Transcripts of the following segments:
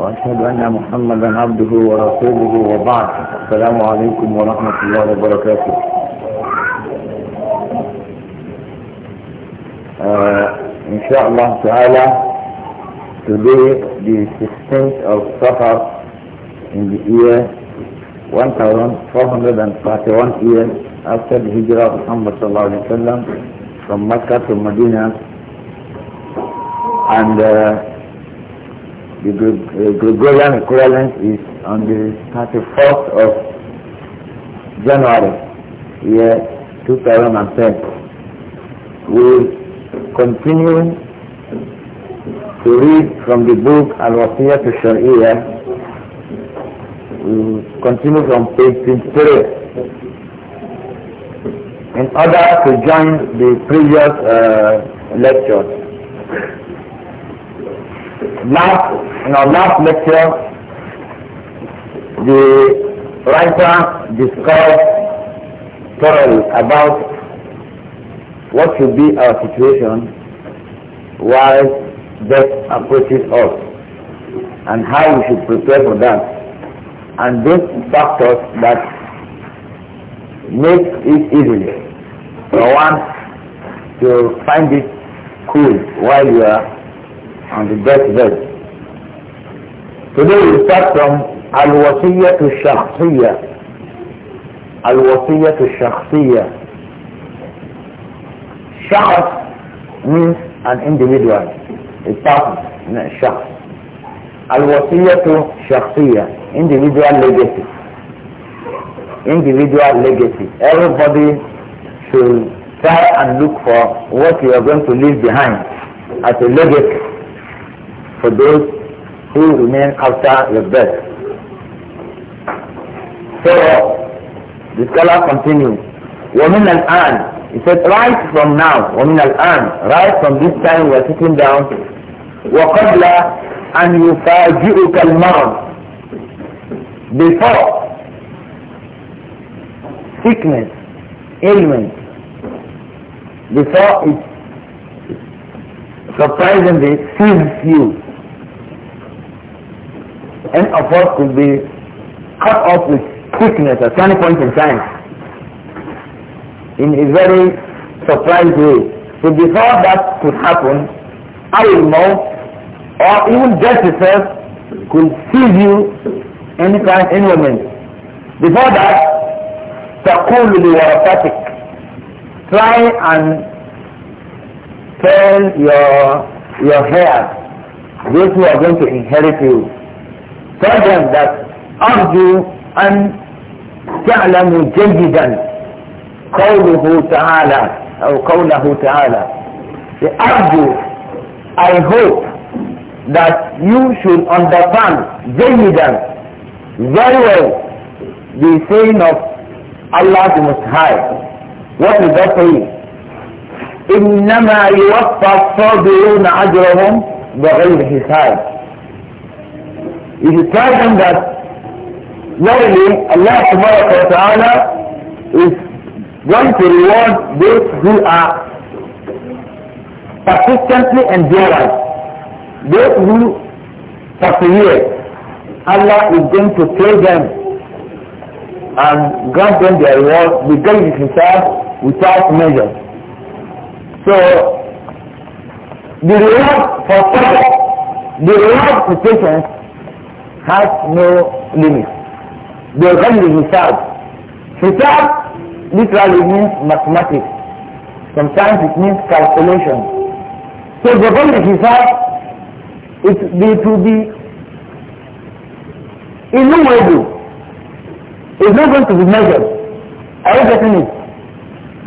وأشهد أن محمدا عبده ورسوله وبعد السلام عليكم ورحمة الله وبركاته uh, إن شاء الله تعالى today the 16th of Safar in the year 1441 years after the Hijrah of Muhammad صلى الله عليه وسلم from Mecca to Medina and uh, The uh, Gregorian equivalent is on the 31st of January, year 2010. We continue to read from the book Al-Wasiyah to Sharia. We continue from page 23. In order to join the previous uh, lecture, last in our last lecture the writer discussed thoroughly about what should be our situation while death approaches us and how we should prepare for that and those factors that make it easy for one to find it cool while you are on the deathbed. Today we start from Al-Wasiyyah to shakhsiyah Al-Wasiyyah to shakhsiyah Shakhs means an individual, a person, a shakhs. Al-Wasiyyah to shakhsiyah individual legacy. Individual legacy. Everybody should try and look for what you are going to leave behind as a legacy for those who remain after the death. So the scholar continues, وَمِنَ الْآنِ He said, right from now, وَمِنَ الْآنِ Right from this time we are sitting down, وَقَبْلَ أَنْ يُفَاجِئُكَ الْمَرْضِ Before sickness, ailment, before it surprisingly seizes you, any of us could be cut off with quickness at any point in time in a very surprised way. So before that could happen, I will know, or even death itself could seize you any time, any moment. Before that, تقول لورثتك try and tell your your hair. those who are going to inherit you فأجل ذلك أرجو أن تعلموا جيدا قوله تعالى أو قوله تعالى أرجو I hope that you should understand جيدا very well the saying of Allah the Most High what is that saying إنما يوفى الصابرون أجرهم بغير حساب If you tell them that only Allah subhanahu wa ta'ala is going to reward those who are persistently enduring, those who persevere, Allah is going to pay them and grant them their reward because it is without measure. So the reward for such the reward for patience has no limit. They are the hisab. Hisab literally means mathematics. Sometimes it means calculation. So the very hisab it be to be innumerable. It's not going to be measured. Are you getting it?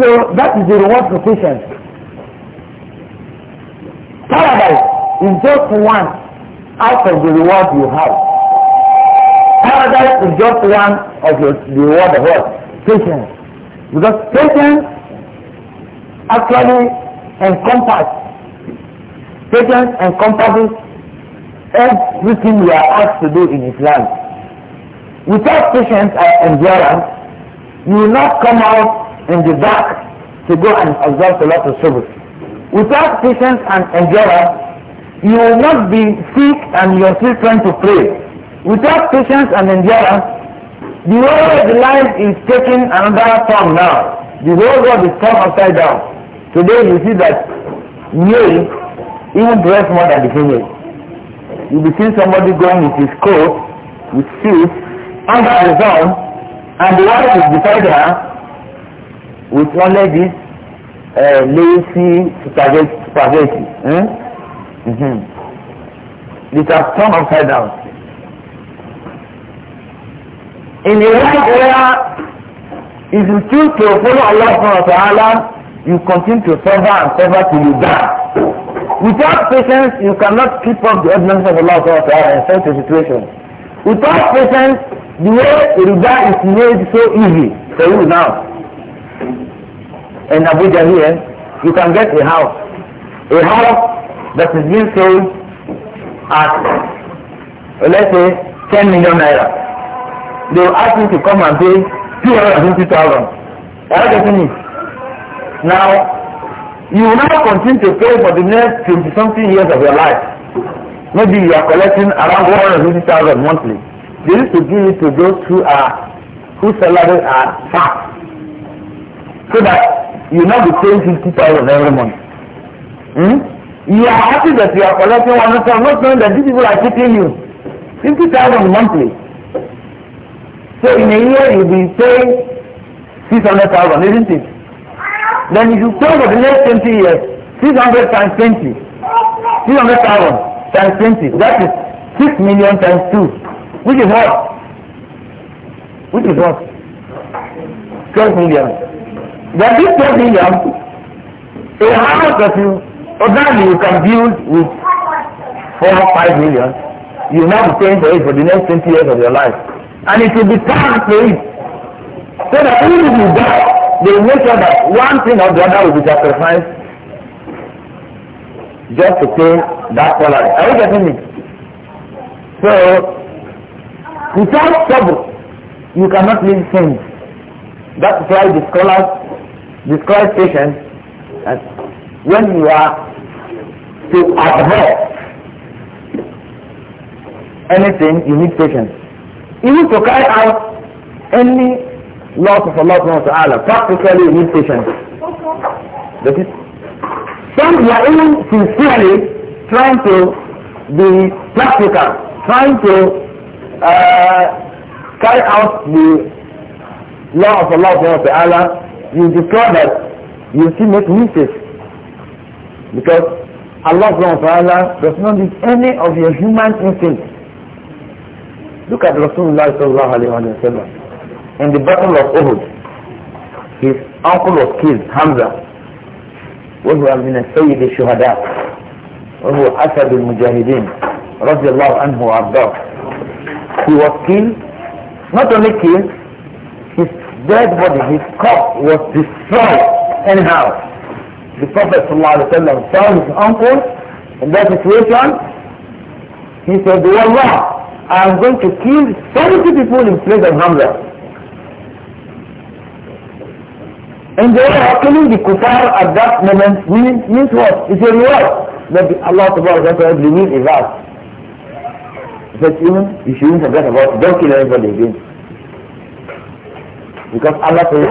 So that is the reward for patience. Paradise is just one out of the reward you have. Paradise is just one of the word of what? Patience. Because patience actually encompasses patience encompasses everything we are asked to do in Islam. Without patience and endurance, you will not come out in the dark to go and observe the lot of service. Without patience and endurance, you will not be sick and you are still trying to pray. Without patience and endurance, the whole of life is taking another form now. The whole world is turned upside down. Today you see that male even dress more than the female. You be seeing somebody going with his coat, with suit, under his arm, and the wife is beside her with only this uh, lacy spaghetti. spaghetti. Hmm? Mm-hmm. It has turned upside down in a life area, if you choose to follow Allah subhanahu wa ta'ala, you continue to suffer and suffer till you die. Without patience, you cannot keep up the evidence of Allah subhanahu wa ta'ala in such a situation. Without patience, the way to die is made so easy for you now. In Abuja here, you can get a house. A house that is being sold at, let's say, ten million naira they will asking to come and pay two hundred and fifty thousand. Are you getting it? Now, you will now continue to pay for the next twenty something years of your life. Maybe you are collecting around one hundred and fifty thousand monthly. This is to give it to those who are whose salaries are fat, so that you will not be paying fifty thousand every month. Hmm? you are happy that you are collecting one hundred thousand, not knowing that these people are keeping you. Fifty thousand monthly. So in a year you you'll six hundred thousand, isn't it? Then if you pay for the next twenty years, six hundred times twenty, six hundred thousand times twenty, that is six million times two, which is what? Which is what? Twelve million. That is 12 million, a house of you, ordinarily you can build with four or 5 million, you now be paying for it for the next twenty years of your life. And it will be time to it. So that even if you die, they will make sure that one thing or the other will be sacrificed just to pay that salary. Are you getting me? So, without trouble, you cannot live sins. That's why the scholars describe patience as when you are to avoid anything, you need patience even to carry out any law of Allah subhanahu wa ta'ala practically you need patience. That is, some are even sincerely trying to be practical, trying to uh, carry out the law of Allah subhanahu wa ta'ala, you discover that you still make mistakes. Because Allah subhanahu wa ta'ala does not need any of your human instincts. Look at Rasulullah sallallahu alayhi wa sallam. In the battle of Uhud, his uncle was killed, Hamza. وهو من السيد الشهداء وهو أسد المجاهدين رضي الله عنه وعبده he was killed not only killed his dead body his corpse was destroyed anyhow the Prophet ﷺ saw his uncle in that situation he said Wallah I am going to kill 70 people in place of Hamza. And they are killing the kufar at that moment means, means what? It's a reward that Allah subhanahu wa ta'ala believes is us. That "Human, you shouldn't forget about it. don't kill anybody again. Because Allah says,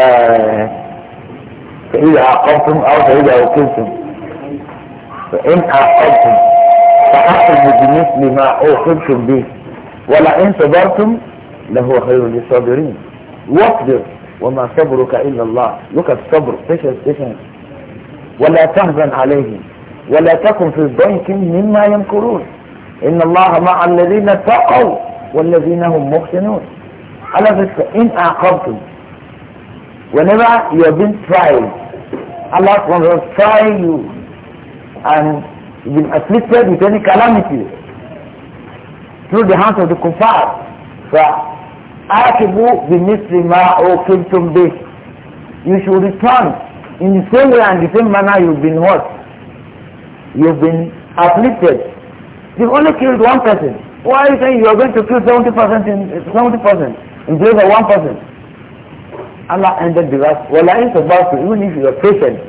uh, فإذا عاقبتم أو فإذا وكلتم فإن عاقبتم فأخذ بمثل ما أوخذتم به ولا إن صبرتم لهو خير للصابرين واصبر وما صبرك إلا الله look at صبر تشهد patience ولا تهزن عليهم ولا تكن في ضيق مما يمكرون إن الله مع الذين اتقوا والذين هم محسنون على فكرة إن أعقبتم whenever you have been tried Allah will try you and He's been afflicted with any calamity through the hands of the kuffar. فَآتِبُوا بِمِثْلِ مَا أُوْكِلْتُمْ بِهِ You should return in the same way and the same manner you've been what? You've been afflicted. You've only killed one person. Why are you saying you are going to kill 70% in 70% in place of one person? Allah ended the last. Well, I ain't about to, even if you are patient,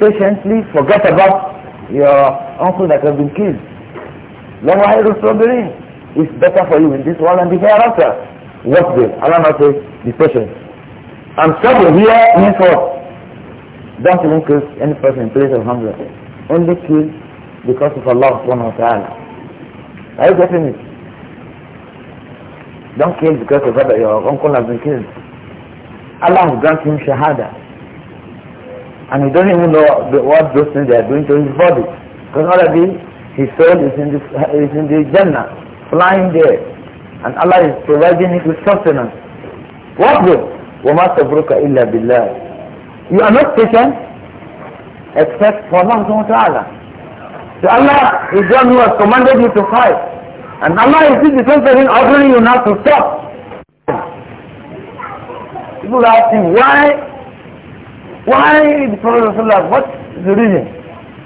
patiently forget about your uncle that has been killed. Lahu hayru sabirin. It's better for you in this world and the hereafter. What will? Allah not says, be i And sabr here means what? Don't even kill any person in place of hunger. Only kill because of Allah subhanahu wa ta'ala. Are you getting it? Don't kill because of that your uncle has been killed. Allah has granted him shahada and he doesn't even know what those things they are doing to his body. Because already his soul is in the, is in the Jannah, flying there. And Allah is providing it with sustenance. What good? وَمَا تَبْرُكَ إِلَّا بِاللَّهِ You are not patient except for Allah subhanahu wa ta'ala. So Allah is the one who has commanded you to fight. And Allah is the same person ordering you not to stop. People are asking, why why the Prophet Rasulullah, what's the reason?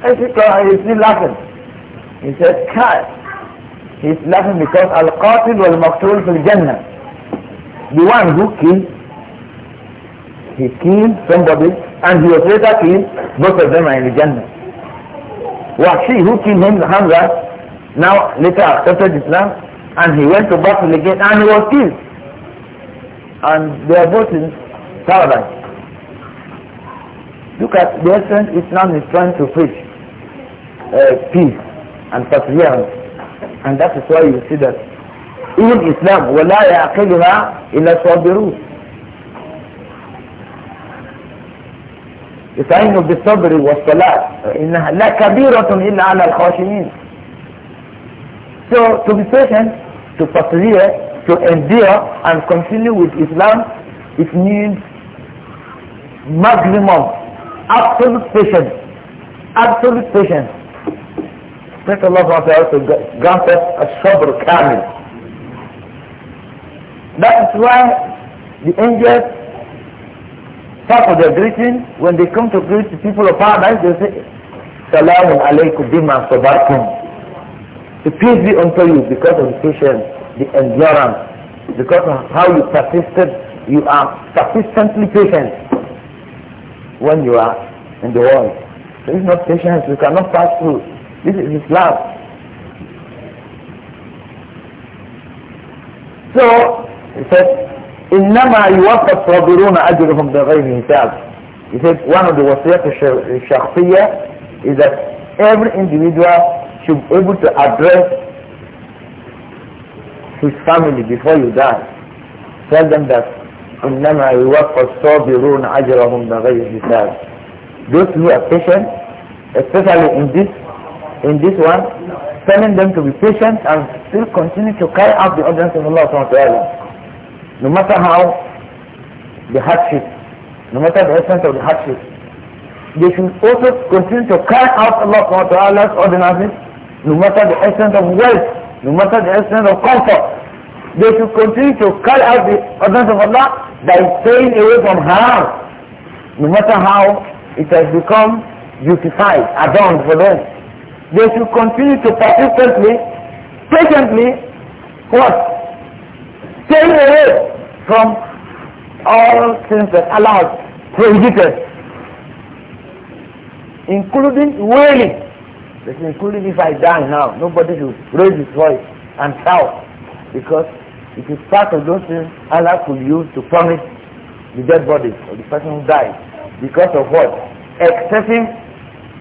I said, he's still laughing. He said, Kai. He's laughing because Al-Qatil wal-Maqtul fil Jannah. The one who killed, he killed somebody and he was later killed, both of them are in the Jannah. Wahshi who killed him, Hamza, now later accepted Islam and he went to battle again and he was killed. And they are both in paradise. Look at the essence Islam is trying to preach uh, peace and perseverance. And that is why you see that even Islam, وَلَا يَعْقِلُهَا إِلَّا صَابِرُونَ استعينوا بالصبر والصلاة إنها لا كبيرة إلا على الخاشعين So to be patient, to persevere, to endure and continue with Islam, it needs maximum absolute patience. Absolute patience. Pray to Allah to grant us a sabr kamil. That is why the angels part of their greeting, when they come to greet the people of paradise, they say, Salaam alaykum bima sabarkum. The peace be unto you because of the patience, the endurance, because of how you persisted, you are persistently patient when you are in the world. There is no patience. You cannot pass through. This is Islam. So he said, إنما يوفى الصابرون أجرهم بغير حساب. He said one of the wasiyat الشخصية is that every individual should be able to address his family before you die. Tell them that إنما يوفى الصابرون أجرهم بغير حساب those who are patient especially in this in this one telling them to be patient and still continue to carry out the ordinance of Allah SWT no matter how the hardship no matter the essence of the hardship they should also continue to carry out Allah SWT's ordinances no matter the essence of wealth no matter the essence of comfort they should continue to carry out the ordinance of Allah by staying away from haram, no matter how it has become beautified, adorned for them. They should continue to persistently, patiently, what? stay away from all things that allowed prohibited, including wailing. That's including if I die now, nobody should raise his voice and shout because it is part of those things Allah could use to punish the dead body of the person who died because of what? Excessive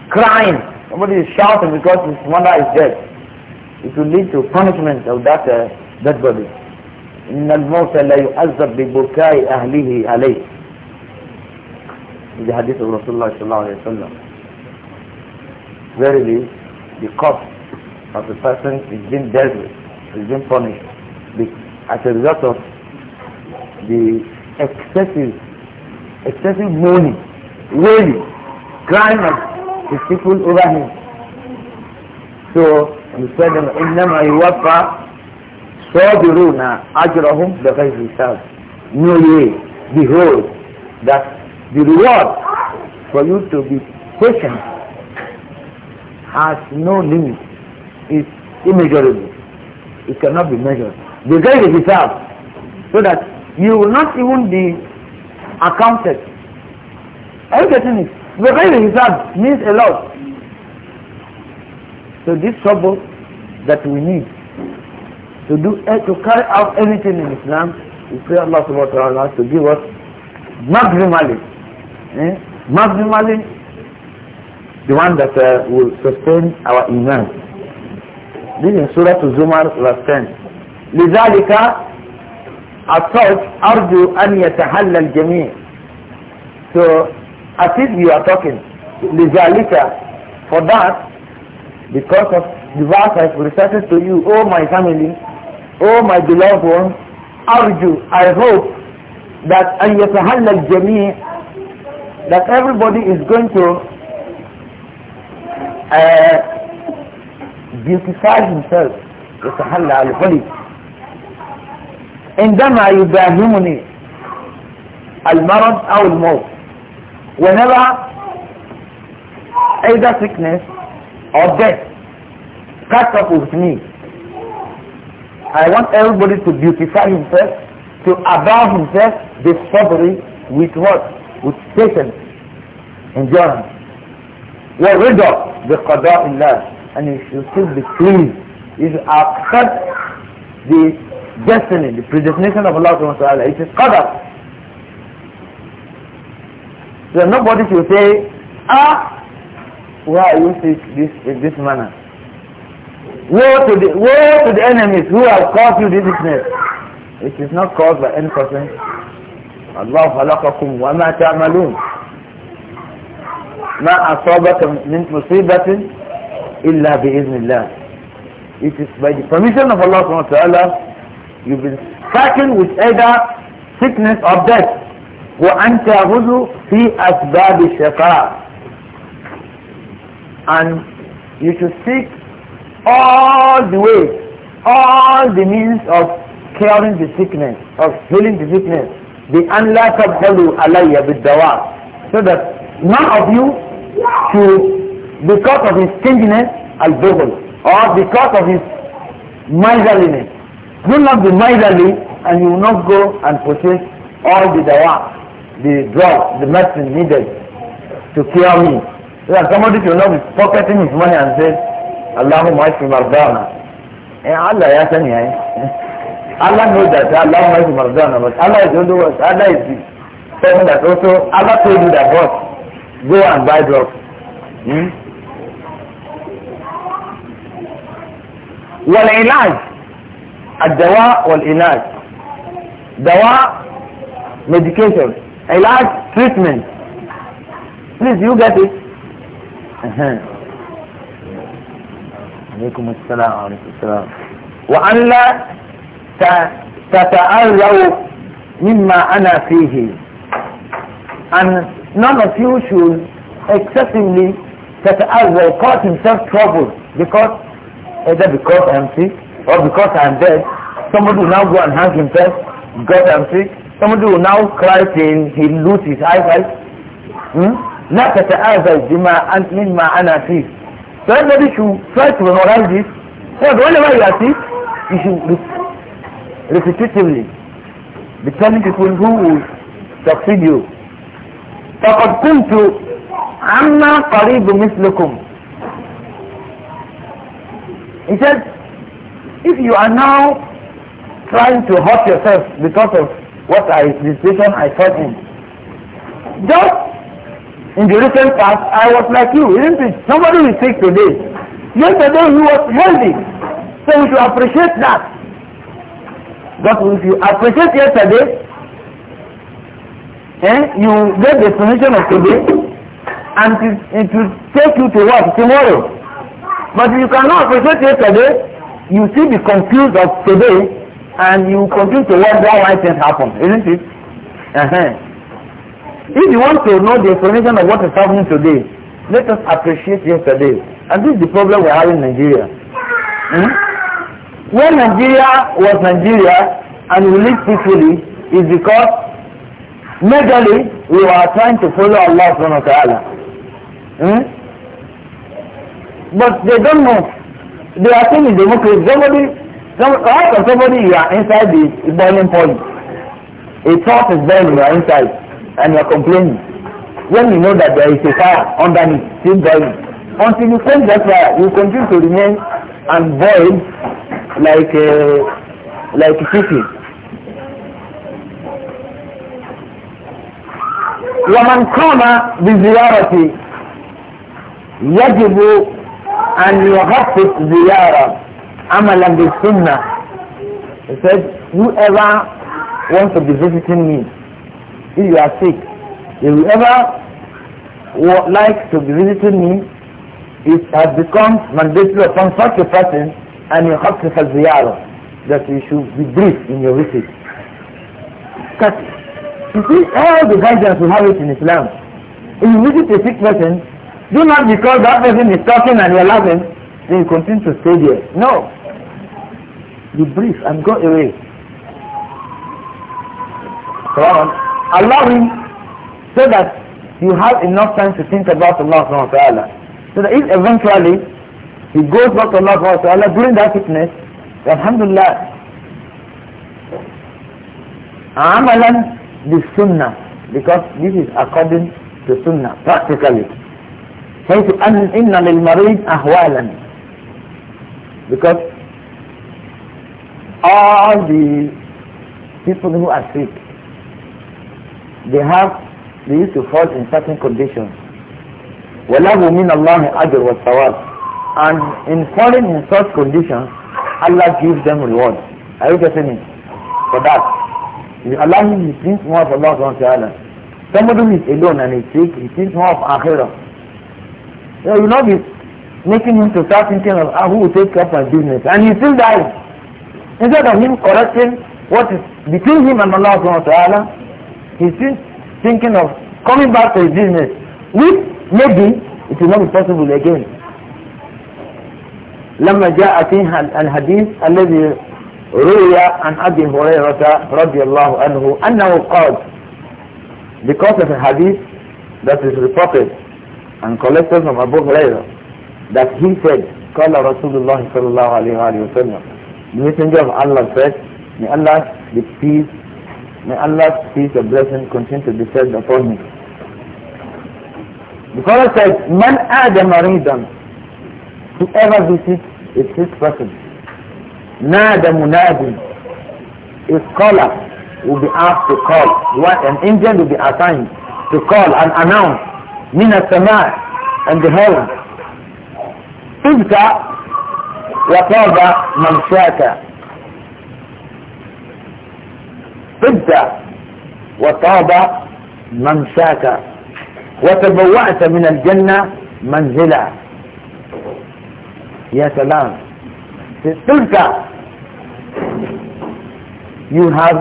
crying. Somebody is shouting because his mother is dead. It will lead to punishment of that uh, dead body. إن الموت لا ببكاء أهله عليه. In the hadith of Rasulullah sallallahu alaihi wasallam. Verily, the cost of the person is being dealt with, is being punished as a result of the excessive, excessive mourning, wailing, crying of people over him. So he said, إنما يوفى صابرون the بغير حساب. No way, behold, that the reward for you to be patient has no limit. It's immeasurable. It cannot be measured the very so that you will not even be accounted are you getting it the very hisab means a lot so this trouble that we need to do eh, to carry out anything in Islam we pray Allah subhanahu wa ta'ala to give us maximally eh, maximally the one that uh, will sustain our iman this is Surah to Zumar verse 10 لذلك الصوت أرجو أن يتحلل الجميع so as if you are talking لذلك for that because of the verse I've to you oh my family oh my beloved ones أرجو I hope that أن يتحلل الجميع that everybody is going to uh, beautify himself يتحلى الحلي عندما يداهمني المرض أو الموت whenever either sickness or death catch up with me I want everybody to beautify himself to abound himself this suffering with what? with patience endurance وَرِضَى بِقَضَاءِ اللَّهِ and you should still be pleased you should accept the destiny, the predestination of Allah subhanahu wa ta'ala. It is qadar. So nobody should say, ah, why you speak this, in this manner? Woe to, the, woe to the enemies who have caused you this sickness. It is not caused by any person. Allah khalaqakum wa ma ta'malun. ما أصابكم من مصيبة إلا بإذن الله. It is by the permission of Allah subhanahu wa You've been stricken with either sickness or death. وَأَنْتَ تَعْبُدُ فِي أَسْبَابِ And you should seek all the ways, all the means of curing the sickness, of healing the sickness. بأن لا تبخلوا علي بالدواء so that none of you should because of his stinginess al or because of his miserliness Do not be miserly and you will not go and purchase all the dawa, the drug, the medicine needed to cure me. So that somebody should not be pocketing his money and say, "Allahu ifi mardana. Eh, Allah ya sani ya eh? Allah knows that Allahumma ifi mardana, but Allah is the only one. Allah is the person that also, Allah told you that what? Go and buy drugs. Hmm? life. الدواء والعلاج دواء medication علاج treatment please you get it عليكم السلام عليكم السلام وأن لا تتألوا مما أنا فيه and none of you should excessively تتألوا cause himself trouble because either because I'm sick or because I'm dead, somebody will now go and hang himself because I'm sick. Somebody will now cry saying he lose his eyesight. Hmm? the eyesight بما أنت mean my فيه. So everybody should try to memorize this. Yeah, So whenever you are sick, you should repetitively be telling people who will succeed you. فقد كنت عما قريب مثلكم. He said, If you are now trying to hurt yourself because of what I, the situation I fought in, just in the recent past, I was like you, isn't it? Somebody is sick today. Yesterday he was healthy. So if you appreciate that, but if you appreciate yesterday, eh, you get the solution of today, and it, it will take you to what? Tomorrow. But you cannot appreciate yesterday, you still be confused of today and you continue to wonder why things happen, isn't it? Uh -huh. If you want to know the explanation of what is happening today, let us appreciate yesterday. And this is the problem we have in Nigeria. Hmm? When Nigeria was Nigeria and we lived peacefully, is because majorly we were trying to follow Allah subhanahu wa ta'ala. Hmm? But they don't know They are still in democracy. Somebody, some, how of somebody you are inside the boiling point? A thought is burning your inside, and you are complaining. When you know that there is a fire underneath, still boiling. Until you quench that fire, you continue to remain and boil like a, like chicken. ومن قام بزيارة يجب and I'm زيارة عملا بالسنة he said whoever wants to be visiting me if you are sick if whoever would like to be visiting me it has become mandatory upon such a person and you have to have ziyarah that you should be brief in your visit because you see all the guidance we have it in Islam if you visit a sick person do not because that person is talking and you're laughing, then you continue to stay there. No. Be brief and go away. Come on. Allow him so that you have enough time to think about Allah subhanahu wa ta'ala. So that if eventually he goes back to Allah subhanahu wa ta'ala during that sickness, alhamdulillah, amalan the sunnah because this is according to sunnah practically حيث أن إن للمريض أهوالا because all the people who are sick they have they used to fall in certain conditions وله من الله أجر والثواب and in falling in such conditions Allah gives them reward are you getting it for that Allah he thinks more of Allah subhanahu wa ta'ala somebody who is alone and is sick he thinks more of akhirah you will not be making him to start thinking of ah, who will take care of my business. And he's still dying. Instead of him correcting what is between him and Allah subhanahu wa ta'ala, he's still thinking of coming back to his business, which maybe it will not be possible again. لما جاء فيها الحديث الذي روي عن أبي هريرة رضي الله عنه أنه قال because of a hadith that is reported and collected from Abu Hurairah that he said, "Call رسول الله صلى الله عليه وسلم The Messenger of Allah said, May Allah be peace, may Allah's peace and blessing continue to descend upon me. The Quran says, Man adam maridan, whoever visits is sick person, nada munadin, a scholar will be asked to call, an angel will be assigned to call and announce من السماء عند هول ابتع وطاب شاك ابتع وطاب شاك وتبوأت من الجنة منزلا يا سلام تبتع you have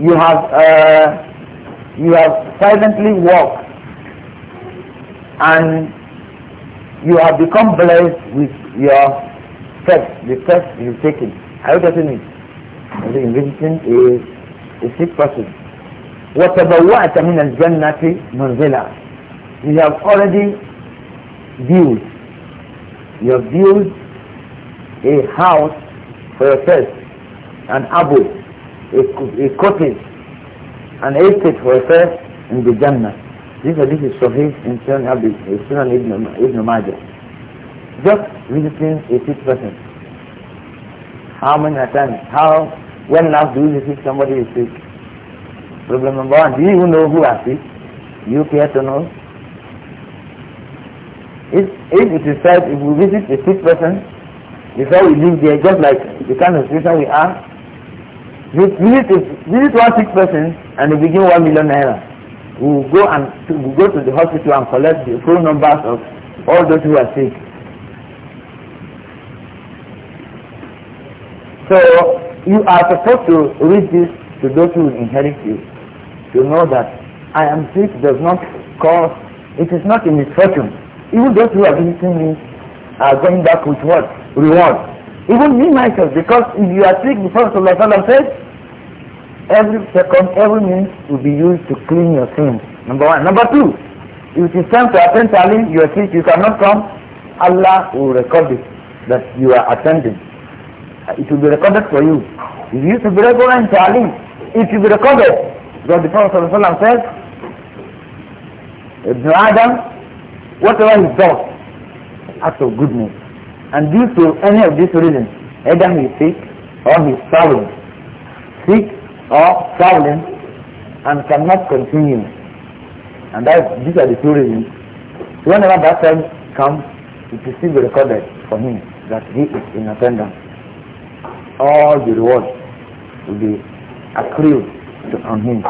you have uh, you have silently walked and you have become blessed with your steps, the steps you've taken. Are you getting it? The invitation is a sick person. وَتَبَوَّأْتَ مِنَ الْجَنَّةِ مَنْزِلًا You have already built, you have built a house for yourself, an abode, a, a cottage and ate it for first uh, in the Jannah. This hadith is Sahih in Sunan Abi, Sunan Ibn, Ibn Majah. Just visiting a sick person. How many times? How, when last do you visit somebody is sick? Problem number one, do you even know who are sick? You care to know? If, if it is said, if we visit a sick person, before we leave there, just like the kind of situation we are, visit visit one sick person and they begin one million naira we will go and we will go to the hospital and collect the full numbers of all those who are sick so you are supposed to read this to those who inherit you to know that I am sick does not cause it is not a misfortune even those who are visiting me are going back with what reward even me myself, because if you are sick, the Prophet said, every second, every minute will be used to clean your sins. Number one. Number two, if it is time to attend Talim, you are sick, you cannot come, Allah will record it that you are attending. It will be recorded for you. If you should be regular in Talim, it will be recorded. Because the Prophet says, Ibn Adam, whatever he does, acts of goodness and due to any of these reasons, either he is sick or he is traveling, sick or traveling and cannot continue. And that, these are the two reasons. So whenever that time comes, it will still be recorded for him that he is in attendance. All the rewards will be accrued on him.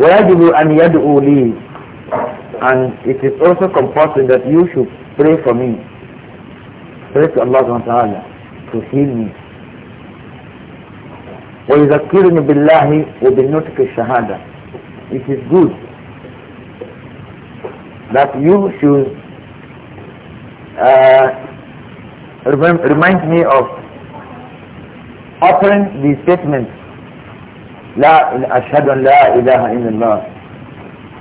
ويجب أن you لي and it is also compulsory that you should pray for me فيسأل الله سبحانه وتعالى تحيلني ويذكرني بالله وبالنطق الشهادة it is good that you should uh, remind me of uttering the statement لا أشهد أن لا إله إلا الله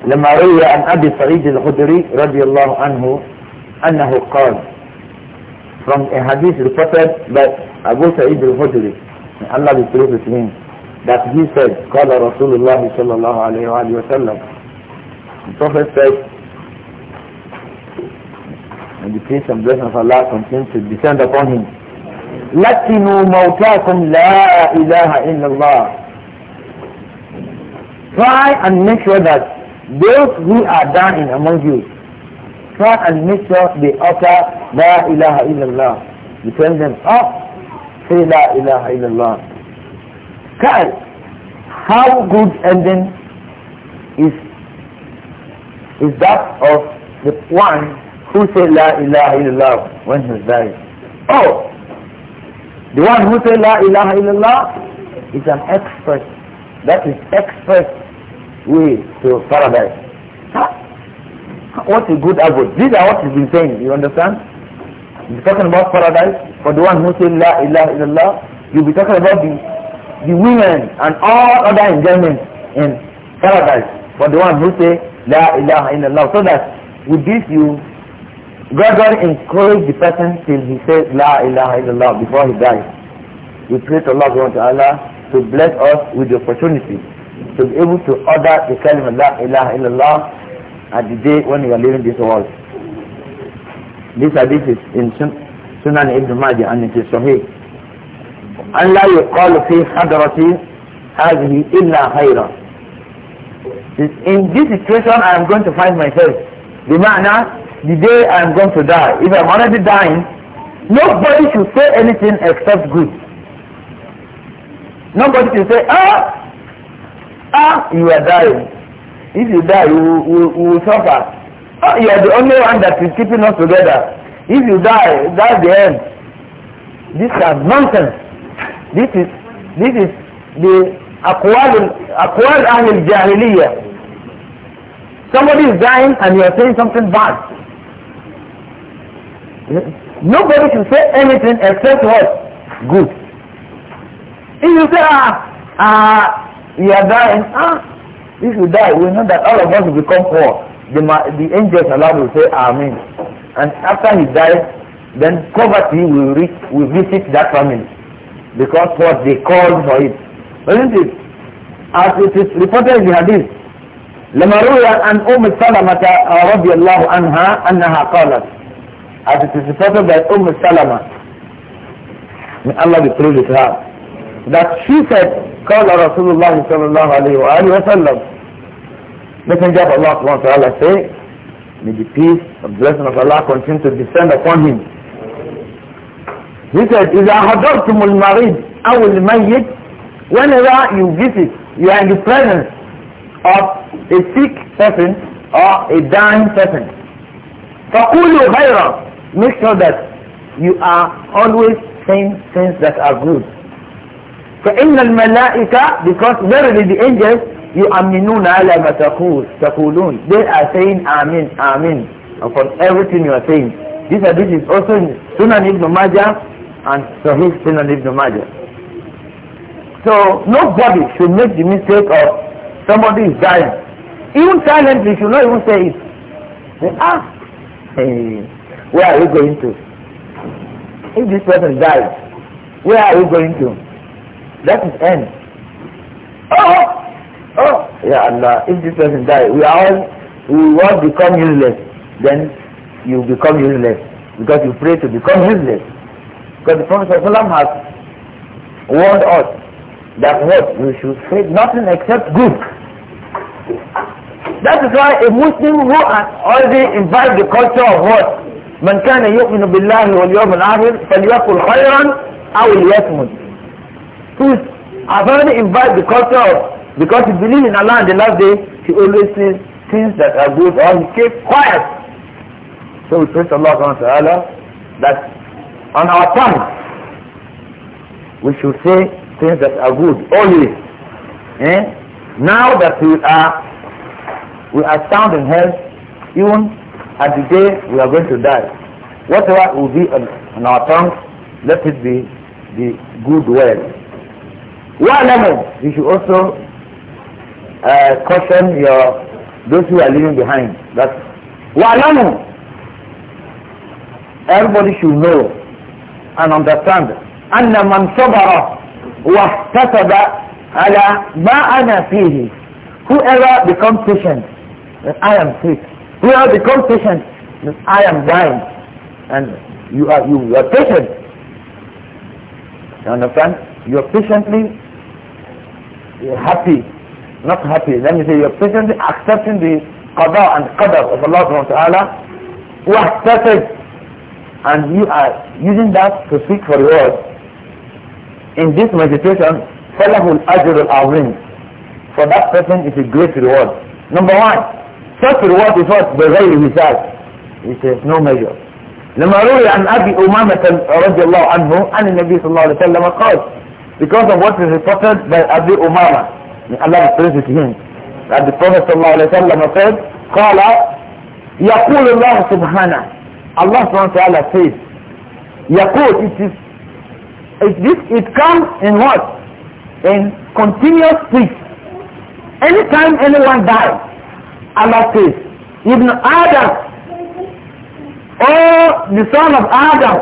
لما روي عن أبي سعيد الخدري رضي الله عنه أنه قال from a hadith reported by Abu Sa'id al-Khudri, Allah be pleased with him, that he said, قال رسول الله صلى الله عليه وآله وسلم, the Prophet said, and the peace and blessing of Allah continue to descend upon him, لَكِنُوا مَوْتَاكُمْ لَا إِلَهَ إِلَّا اللَّهِ Try and make sure that those who are dying among you, try and make sure they utter La ilaha illallah. You tell them, oh, say La ilaha illallah. Kai, how good ending is is that of the one who say La ilaha illallah when he dies. Oh, the one who say La ilaha illallah is an expert. That is expert way to paradise. Huh? What a good abode. These are what he's been saying, you understand? You'll be talking about paradise for the one who say La ilaha illallah. You'll be talking about the, the women and all other enjoyments in paradise for the one who say La ilaha illallah. So that with this you gradually encourage the person till he says La ilaha illallah before he dies. We pray to Allah we want Allah to bless us with the opportunity to be able to utter the kalima La ilaha illallah at the day when we are leaving this world. This hadith is in Sunan Ibn Majah and it is Sahih. أن لا يقال في حضرة هذه إلا خيرا. In this situation I am going to find myself. the بمعنى the day I am going to die. If I am already dying, nobody should say anything except good. Nobody should say, ah, ah, you are dying. If you die, you will, you will suffer. Oh, you are the only one that is keeping us together. If you die, that's the end. This is nonsense. This is this is the أقوال أقوال أهل Somebody is dying and you are saying something bad. Nobody should say anything except what? Good. If you say, ah, ah, you are dying, ah, if you die, we know that all of us will become poor. the, the angels Allah will say Amen. And after he dies, then poverty will, reach, will visit that family because what they call for it. Isn't it? As it is reported in the Hadith, لما روي عن أم سلمة رضي الله عنها أنها قالت as it is reported by أم Salama may Allah be pleased with her that she said قال رسول الله صلى الله عليه وآله وسلم Messenger of Allah subhanahu Allah say, may the peace and blessing of Allah continue to descend upon him. He said, إِذَا حَضَرْتُمُ الْمَرِيدِ أَوْ الْمَيِّتِ Whenever you visit, you are in the presence of a sick person or a dying person. فَقُولُوا غَيْرًا Make sure that you are always saying things that are good. فَإِنَّ الْمَلَائِكَ Because verily the angels يؤمنون na ala تقول تقولون they are saying amen amen upon everything you are saying this hadith is also in Sunan Ibn Majah and Sahih Sunan Ibn Majah so nobody should make the mistake of somebody is dying even silently should not even say it they ask ah, hey, where are you going to if this person dies where are you going to that is end oh Yeah, Allah, uh, if this person dies, we all we all become useless. Then you become useless because you pray to become useless. Because the Prophet has warned us that what we should say nothing except good. That is why a Muslim who has already imbibed the culture of what? من كان يؤمن بالله واليوم الآخر فليقل خيرا أو ليصمت. Who has already imbibed the culture of because he believes in Allah on the last day, he always says things that are good or he keeps quiet. So we praise Allah ta'ala that on our tongue we should say things that are good always. Eh? Now that we are we are sound in health, even at the day we are going to die. Whatever will be on, on our tongue, let it be the good word. Well, you should also uh, caution your those who are leaving behind. That wa'lamu. Everybody should know and understand. أن من صبر واحتسب ala ma أنا فيه. Whoever becomes patient, that I am sick. Whoever becomes patient, that I am dying, and you are you are patient. You understand? You are patiently happy not happy. Let me say you're patiently accepting the qada and qadar of Allah subhanahu wa ta'ala. accepted, And you are using that to seek for reward. In this meditation, falahul ajr al-azim. For that person is a great reward. Number one, such reward is what? بغير مثال. It is no measure. لما روي عن أبي أمامة رضي الله عنه عن النبي صلى الله عليه وسلم قال because of what is reported by Abu Umar. Allah praises him. That the Prophet ﷺ said, "Qala, يقول الله سبحانه Allah subhanahu wa ta'ala says, يقول it is it, this, it comes in what? In continuous speech. Anytime anyone dies, Allah says, Ibn Adam, or the son of Adam,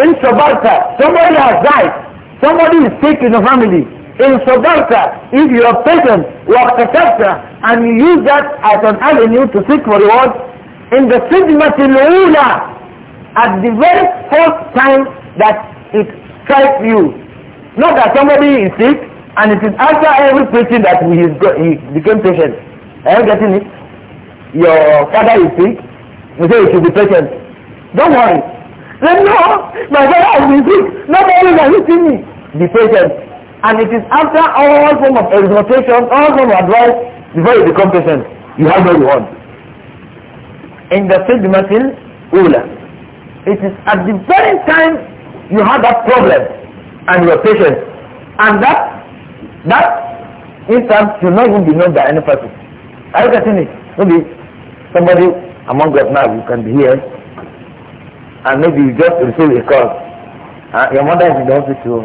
in Shabarta, somebody has died, somebody is sick in the family, in sabarta if you are patient waqtasabta and you use that as an avenue to seek for reward in the sidmati al-ula at the very first time that it strikes you not that somebody is sick and it is after every preaching that he, is go- he became patient are you getting it your father is sick you say you should be patient don't worry then no my father has been sick nobody is visiting me be patient And it is after all form of exhortation, all form of advice, before you become patient, you have what you want. In the Sidmatil Ula, it is at the very time you have that problem and you are patient. And that, that instant should not even be known by any person. Are you getting it? Maybe somebody among us now, you can be here, and maybe you just receive a call. Uh, your mother is in the hospital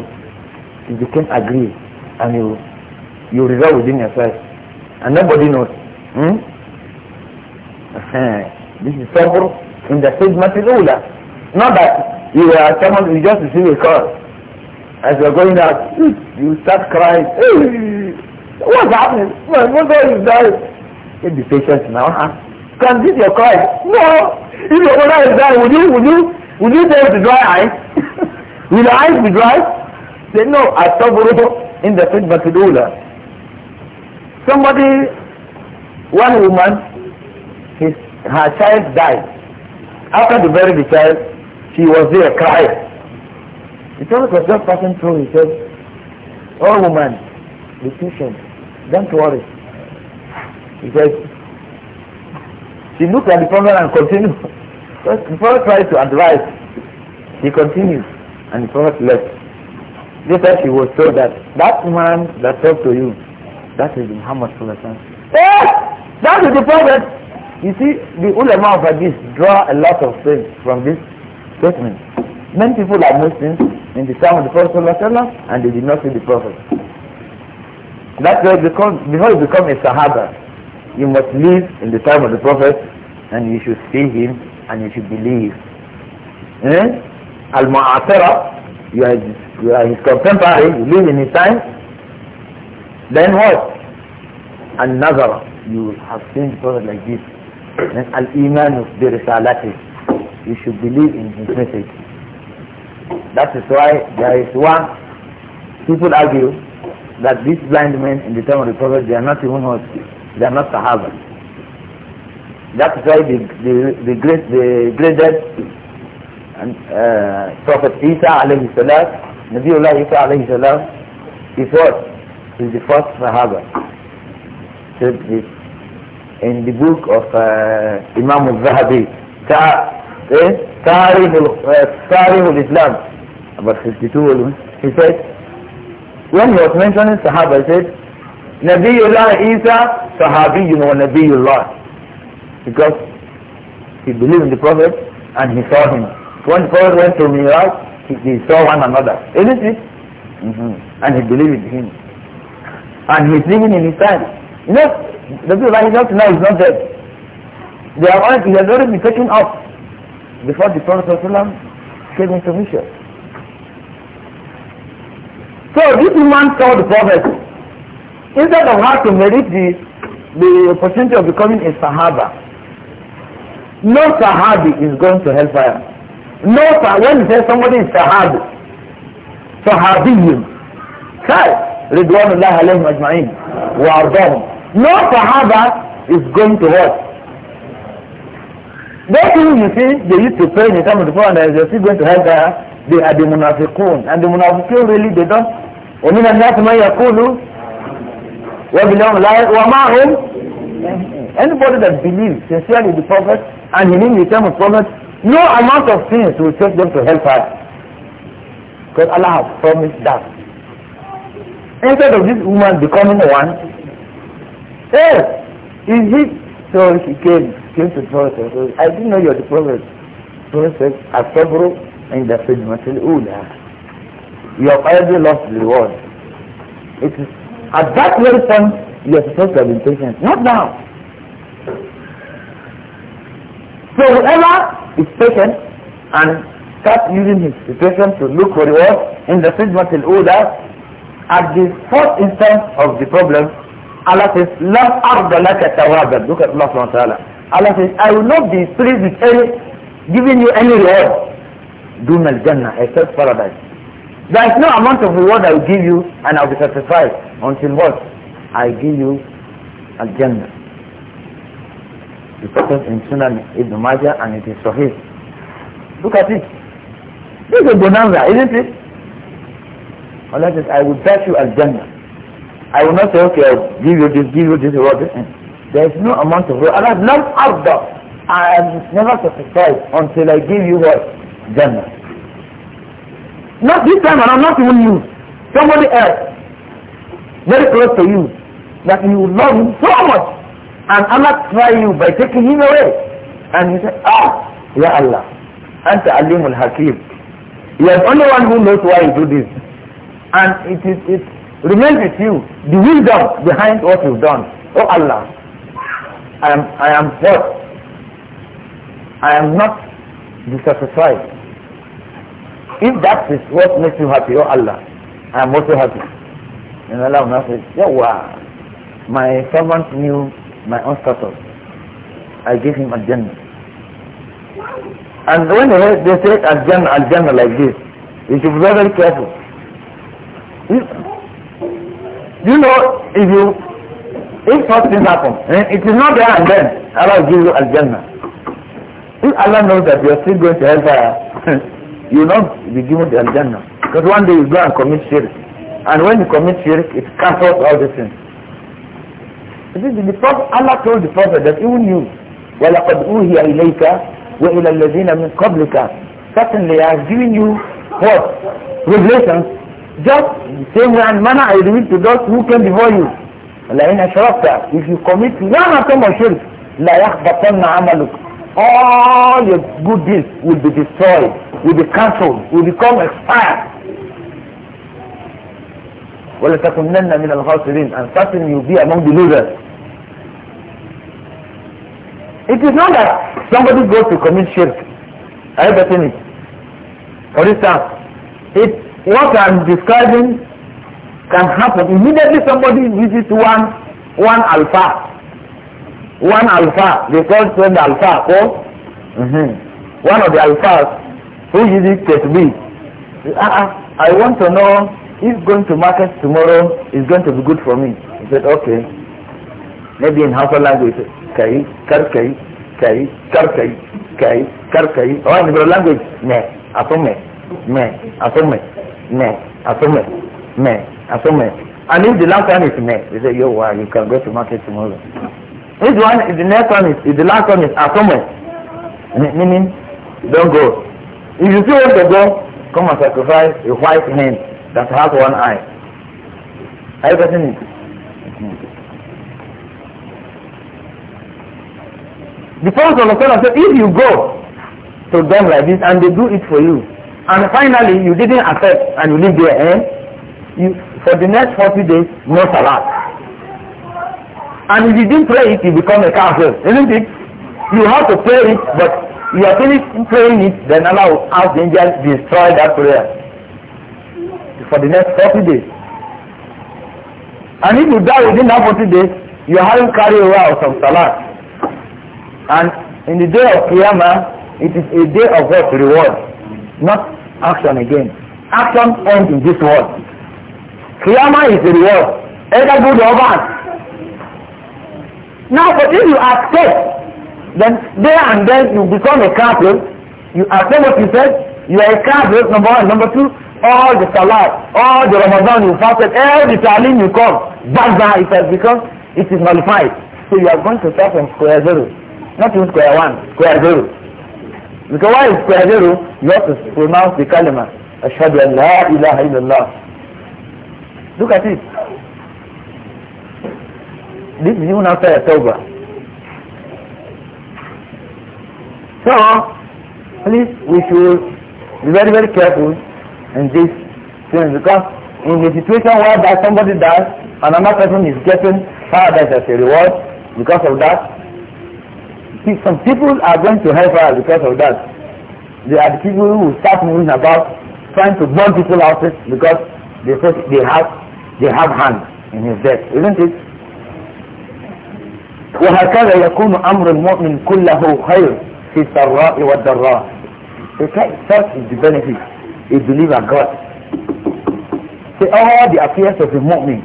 you became agree, and you you resolve within yourself and nobody knows hmm? this is sabr in the khidmat al-ula not that you are someone you just receive a call as you are going out hmm, you start crying hey, what's happening my mother is dying take the patient now huh? can this your cry no if your mother is dying would you would you would you dare to dry eyes will the eyes be dry they know asabru in the khidmatul ula. Somebody, one woman, his, her child died. After the burial, the child, she was there crying. The told was just passing through. He said, Oh woman, be patient. Don't worry. He said, she looked at the Prophet and continued. the Prophet tried to advise. He continued and the Prophet left. They said she was told that that man that talked to you, that is Muhammad Sulaiman. Eh! That is the prophet. You see, the ulama of hadith draw a lot of things from this statement. Many people are Muslims in the time of the Prophet and they did not see the Prophet. That's why because before you become a Sahaba, you must live in the time of the Prophet and you should see him and you should believe. Eh? Al-Mu'asara you are, his, you are his contemporary, you live in his time. Then what? Another, you have seen Prophet like this. Then al-iman bi risalati. You should believe in his message. That is why there is one. People argue that these blind men in the time of the Prophet, they are not even hospital. They are not Sahaba. That's why the, the, the, great, the greatest and uh, Prophet Isa alayhi salam, Nabiullah Isa alayhi salam, is what? He's the first Sahaba. Said this in the book of uh, Imam al-Zahabi, eh, Tarikh uh, al-Islam, about 52 volumes, he said, when he was mentioning Sahaba, he said, Nabiullah Isa, you know Nabiullah. Because he believed in the Prophet and he saw him. When Paul went to Miraj, he, he saw one another. Isn't it? Mm -hmm. And he believed in him. And he's living in his time. You know, the people that not now is not dead. They are already, he has already been taken up before the Prophet came into mission. So this man saw the Prophet. Instead of how to merit the, the opportunity of becoming a Sahaba, no Sahabi is going to hellfire. Note that when you say somebody is Sahab, Sahabiyun, Sai, Ridwanullah alayhim ajma'in, wa ardahum. No Sahaba is going to what? That thing you see, they used to pray in the time of the Prophet, and they're still going to hell there, they are the munafiqun. And the munafiqun really, they don't, وَمِنَ النَّاسِ مَنْ يَقُولُ وَبِلَهُمْ لَا وَمَا هُمْ Anybody that believes sincerely the Prophet and he means the term of Prophet, no amount of sins will take them to hellfire. Because Allah has promised that. Instead of this woman becoming one, hey, is it so she came, came to the Prophet said, I didn't know you're the Prophet. The Prophet said, Asabru in the Fidmatil Ula. You have already lost the reward. It is at that very point you are supposed to have been patient. Not now. So whoever is patient and start using his situation to look for word in the Sijmatul Ula, at the first instance of the problem, Allah says, لَنْ أَرْضَ لَكَ تَوَابًا Look at Allah subhanahu Allah says, I will not be pleased with any, giving you any reward. دون الجنة except paradise. There is no amount of reward I will give you and I will be satisfied until what? I give you a Jannah reported in Sunan Ibn Majah and it is Sahih. Look at it. This is a bonanza, isn't it? Allah says, I will bless you Al-Jannah. I will not say, okay, I'll give you this, give you this, reward. There is no amount of reward. Allah has not out there. I am never satisfied until I give you what? Jannah. Not this time around, not even you. Somebody else. Very close to you. That you love him so much and Allah try you by taking him away. And he said, ah, Ya Allah, Anta Alimul Hakim. You are the only one who knows why you do this. And it, is, it remains with you, the wisdom behind what you've done. Oh Allah, I am, I am hurt. I am not dissatisfied. If that is what makes you happy, oh Allah, I am also happy. And Allah now says, Yawah, my servant knew my own status. I gave him a jannah. And when they, they say al jannah, al jannah like this, you should be very, very careful. You, know, if you, if such things happen, eh, it is not there and then Allah will give you al jannah. If Allah knows that you are still going to hellfire, you will not be given the al jannah. Because one day you go and commit shirk. And when you commit shirk, it cancels all these things. This is the Prophet, Allah told the Prophet that even you, وَلَقَدْ أُوهِيَ إِلَيْكَ وَإِلَى الَّذِينَ مِنْ قَبْلِكَ Certainly I have given you what? Revelations, just the same way and manner I revealed to those who came before you. لَإِنْ أَشْرَكْتَ If you commit one of لَا يَحْبَطَنَّ عَمَلُكَ All your good deeds will be destroyed, will be cancelled, will become expired. ولا تكونن من الخاسرين and certain you be among the losers it is not that somebody goes to commit shirk are you getting it for instance it what I'm describing can happen immediately somebody visits one one alpha one alpha they call it the alpha oh mm -hmm. one of the alphas who uses Me? ah uh, I want to know if going to market tomorrow is going to be good for me he said okay maybe in hausa language kai kar kai kai kar kai kai kar or oh, in hebrew language ne asume ne asume ne asume ne asume and if the last one is ne he said, you are you can go to market tomorrow if one if the next one is if the last one is asume meaning don't go if you still want to go come and sacrifice a white hen that has one eye. Are you getting it? The Prophet said, if you go to them like this and they do it for you, and finally you didn't accept and you leave there, eh? You, for the next 40 days, no salat. And if you didn't pray it, you become a kafir, isn't it? You have to pray it, but you are finished praying it, then Allah will ask the angels destroy that prayer for the next 40 days. And if you die within that 40 days, you haven't carried away out some salah. And in the day of Qiyamah, it is a day of what? Reward. Not action again. Action ends in this world. Qiyamah is the reward. Either good or bad. Now, but if you accept, then there and then you become a Catholic. You accept what you said. You are a Catholic, number one. Number two, all the salat, all the Ramadan you fasted, every talim you come, back down it has become, it is nullified. So you are going to start from square zero, not even square one, square zero. Because why is square zero? You have to pronounce the kalima, Ashhadu an la ilaha illallah. Look at it. This is even after a tawbah. So, please, we should be very, very careful in this thing because in the situation where that somebody dies and another person is getting paradise as a reward because of that, some people are going to hellfire because of that. They are the people who start moving about trying to burn people out because they they have they have hands in his death, isn't it? وهكذا يكون أمر المؤمن كله خير في السراء والضراء. It starts with the benefit a believer God. See, all the affairs of the moment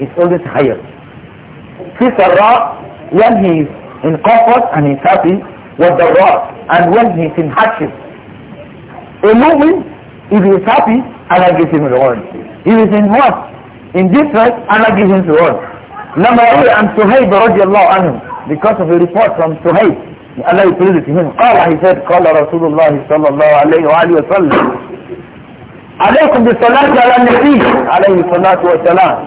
is always higher. See, Sarah, when he is in comfort and he's happy, with the rock, and when he's in hardship. A moment if he is happy, Allah gives him reward. If he is in what? In distress, Allah gives him reward. Number eight, and Suhaib radiallahu anhu, because of a report from Suhaib, الله يفرد فيهم قال حساب قال رسول الله صلى الله عليه وآله وسلم عليكم بالصلاة على النبي عليه الصلاة والسلام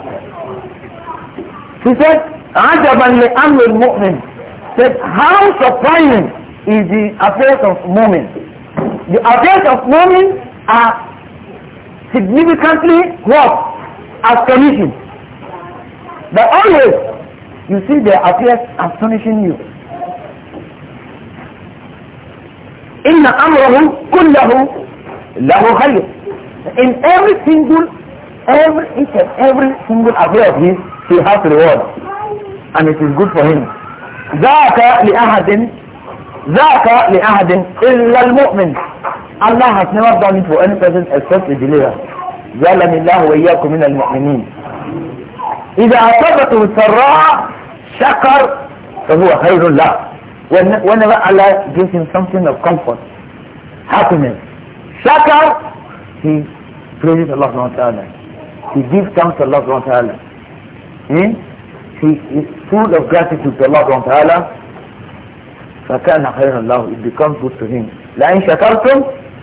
He said, عجبا لأمر المؤمن said, how surprising is the affairs of women. The affairs of women are significantly what? Astonishing. But always, you see their affairs astonishing you. إن أمره كله له خير in every single every each and every single affair of his he has reward and it is good for him ذاك لأحد ذاك لأحد إلا المؤمن Allah has never done it for any person except the believer جعلني الله وإياكم من المؤمنين إذا أصابته السراء شكر فهو خير له When, whenever Allah gives him something of comfort, happiness, shakar, he praises Allah subhanahu wa ta'ala. He gives thanks to Allah subhanahu wa ta'ala. Hmm? He is full of gratitude to Allah subhanahu wa ta'ala. فَكَانَ خَيْرًا اللَّهُ It becomes good to him. لَإِنْ شَكَرْتُمْ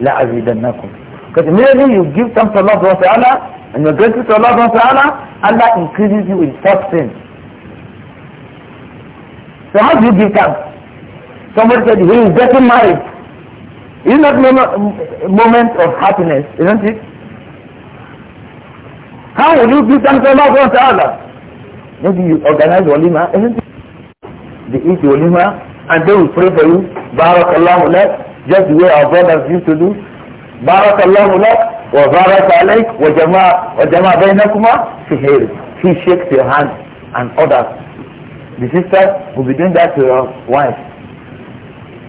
لَأَزِيدَنَّكُمْ Because immediately you give thanks to Allah subhanahu wa ta'ala and you're grateful to Allah subhanahu wa ta'ala, Allah increases you in such things. So how do you give thanks? Somebody said he is getting married. Is not a moment of happiness, isn't it? How will you give thanks to Allah subhanahu ta'ala? Maybe you organize walima, isn't it? They eat walima and they will pray for you. Barakallahu lak, just the way our brothers used to do. Barakallahu lak, wa Barak alayk, wa jama' wa jama' baynakuma fi He shakes your hand and others. The sisters will be doing that to your wife.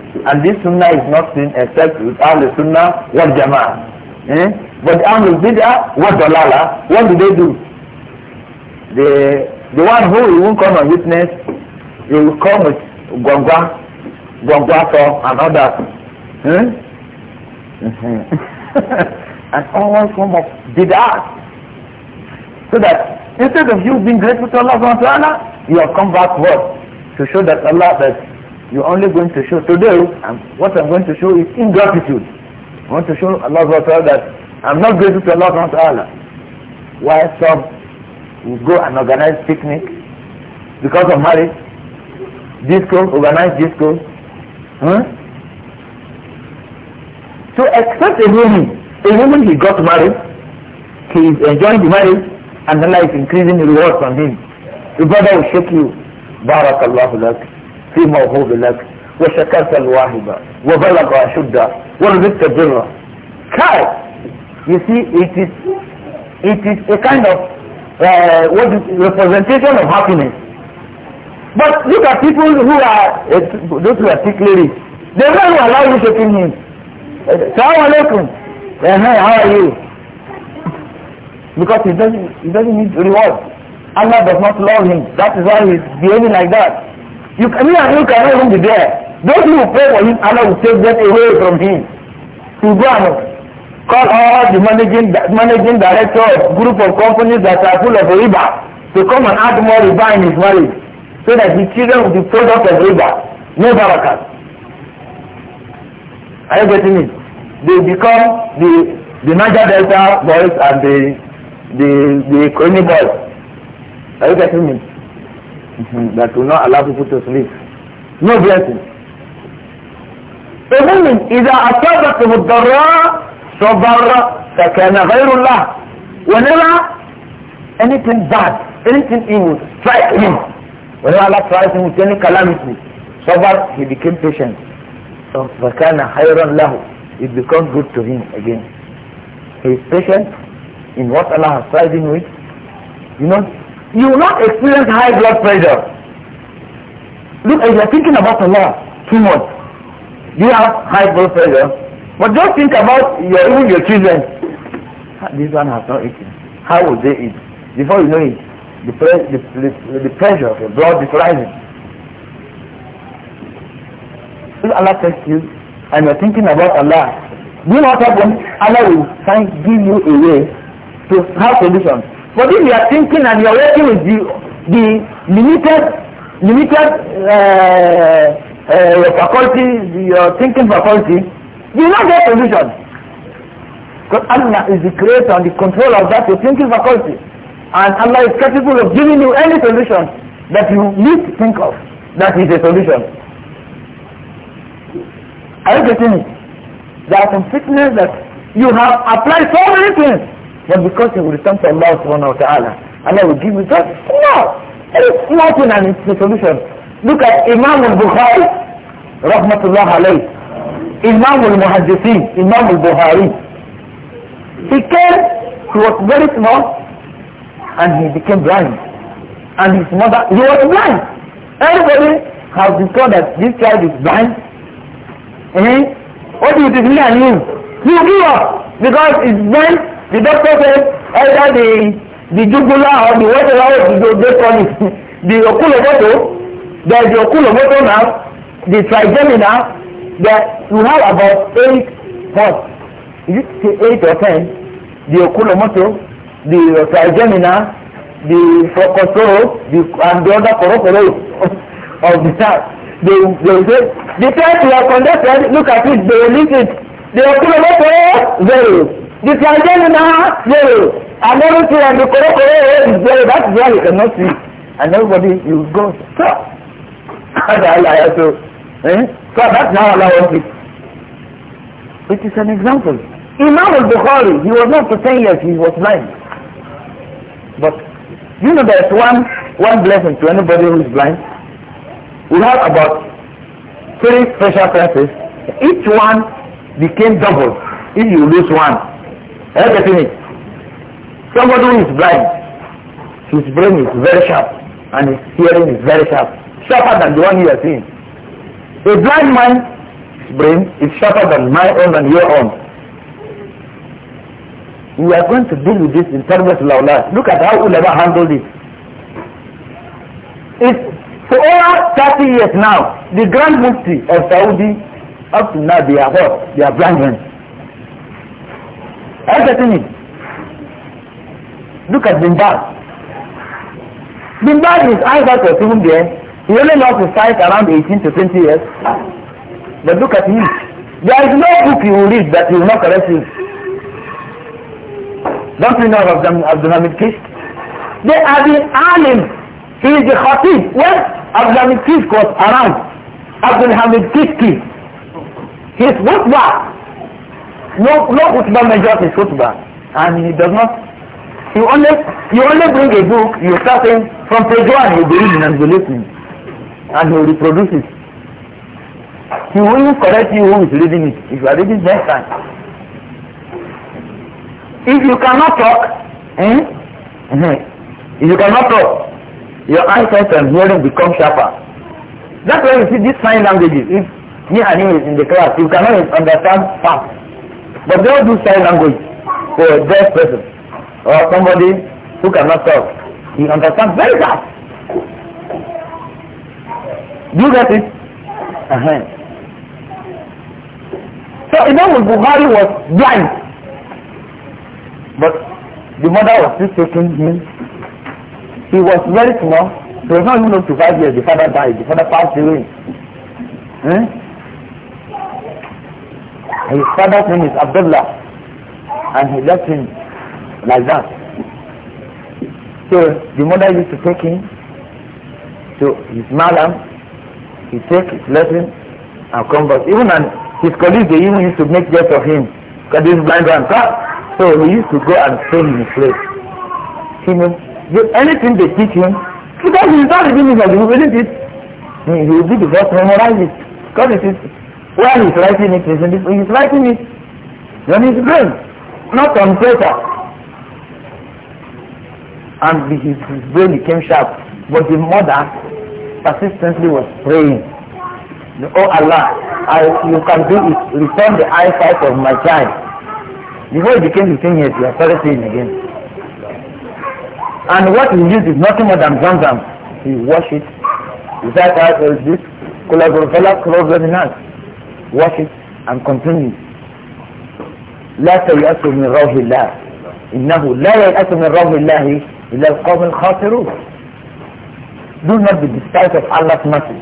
And this sunnah is not seen except with Ahl sunnah wal jama'ah. Eh? But Ahl bid'ah wa dalala, what do they do? The, the one who won't come and witness, he will come with gwangwa, gwangwa song and others. Eh? and all form of bid'ah. So that instead of you being grateful to Allah, you have come back what? To show that Allah, that you're only going to show today I'm, what I'm going to show is ingratitude. I want to show Allah SWT that I'm not grateful to Allah SWT. Why some will go and organize picnic because of marriage, disco, organize disco. Huh? So except a woman, a woman he got married, he is enjoying the marriage and Allah is increasing the reward from him. The brother will shake you. Barakallahu lak. في موهوب لك وشكرت الواهبة وبلغ أشده ورزقت الضرة كاي you see it is it is a kind of uh, what is representation of happiness but look at people who are uh, those who are particularly they don't allow you to kill him uh, salaam alaikum uh, how are you because he doesn't he doesn't need reward Allah does not love him that is why he's behaving like that You can, me and you cannot even be there. Those who pray for him, Allah will take them away from him. To go and call all the managing, managing director of group of companies that are full of riba to come and add more riba in his marriage so that his children will be product of riba. No barakat. Are you getting it? They become the, the Niger Delta boys and the, the, the Crony boys. Are you getting it? Mm-hmm. that will not allow people to sleep. No blessing. فمؤمن إذا أصابته الضراء صبر فكان غير الله whenever anything bad anything evil strike him whenever Allah tries him with any calamity صبر he became patient so فكان خيرا له it becomes good to him again he is patient in what Allah has tried him with you know you will not experience high blood pressure. Look, if you are thinking about Allah too much, you have high blood pressure. But just think about your even your children. This one has not eaten. How will they eat? Before you know it, the, pre- the, the, the pressure of your blood is rising. If Allah tests you and you're thinking about Allah, do you know what happens? Allah will find, give you a way to have solutions. But if you are thinking and you are working with the, the limited, limited uh, uh, faculty, your thinking faculty, you will not get solution. Because Allah is the creator and the controller of that your thinking faculty. And Allah is capable of giving you any solution that you need to think of. That is a solution. Are you getting it? There are some sickness that you have applied so many things but because he will return to Allah subhanahu wa ta'ala, Allah will give you just small, very small thing and it's the solution. Look at Imam al-Bukhari, rahmatullah alayh, Imam al-Muhaddithin, Imam al-Bukhari. He came, he was very small, and he became blind. And his mother, he was blind. Everybody has discovered that this child is blind. Eh? What do you think he and you? You give up because it's blind The doctor said either the the jugular or the whatever the, they call it, the oculomotor, there is the oculomotor now, the trigeminal, that you have about eight what? Is it eight or ten? The oculomotor, the trigeminal, the focosoro, the and the other corocoro of the child. They they say the test you have conducted, look at it, they release it. The oculomotor zero. The transgender now, zero. And everything and the correct way is zero. That's why you cannot see. And everybody, you go, stop. And Allah also. Eh? So that's now Allah wants it. It is an example. Imam al-Bukhari, he was not for 10 years, he was blind. But you know there's one, one blessing to anybody who is blind. We have about three special classes. Each one became double if you lose one. Are you getting Somebody who is blind, his brain is very sharp and his hearing is very sharp, sharper than the one you are seeing. A blind man's brain is sharper than my own and your own. We are going to deal with this in terms of al Look at how Ulama handled it. It's for over 30 years now, the Grand Mufti of Saudi, up to now they are what? They are blind men. aikata Look at bimbad bimbad is either to him there he only lost his sight around 18 to 20 years but look at him there is no book you will read that you will not correct him don't you know of them Abdul Hamid Kish they are the alim he is the khatib when Abdul Hamid Kish was around Abdul Hamid Kish his khutbah No, no football major is football, And he does not. You only, you only bring a book, you start saying, from page one, he'll be reading and be listening. And he'll reproduce it. He will correct you who is reading it, if you are reading next time. If you cannot talk, eh? eh if you cannot talk, your eyesight and hearing become sharper. That's why you see these sign languages. If me and him is in the class, you cannot understand fast. But they all do sign language for a deaf person or somebody who cannot talk. He understands very fast. Do you get it? Uh-huh. So Imam al-Bukhari was blind. But the mother was still taking him. He was very small. He was not even up to five years. The father died. The father passed away. Hmm? His father's name is Abdullah. And he left him like that. So the mother used to take him to his madam. He take his lesson and come back. Even and his colleagues, they even used to make jokes of him. Because this blind man, ah! so he used to go and train in his place. He knows anything they teach him, because he's not reading it, he will read it. He will be the first memorize it. Because it is while he's writing it is he's writing it on his brain, not on paper. And his, brain became sharp. But the mother persistently was praying. Oh Allah, I, you can do it. Return the eyesight of my child. Before he became the years, he had started saying again. And what he used is nothing more than zamzam. He washed it. Is that how this collaborator closed in us? wash it and continue لا تيأس من روح الله إنه لا ييأس من روح الله إلا القوم الخاسرون Do not be despised of Allah's mercy,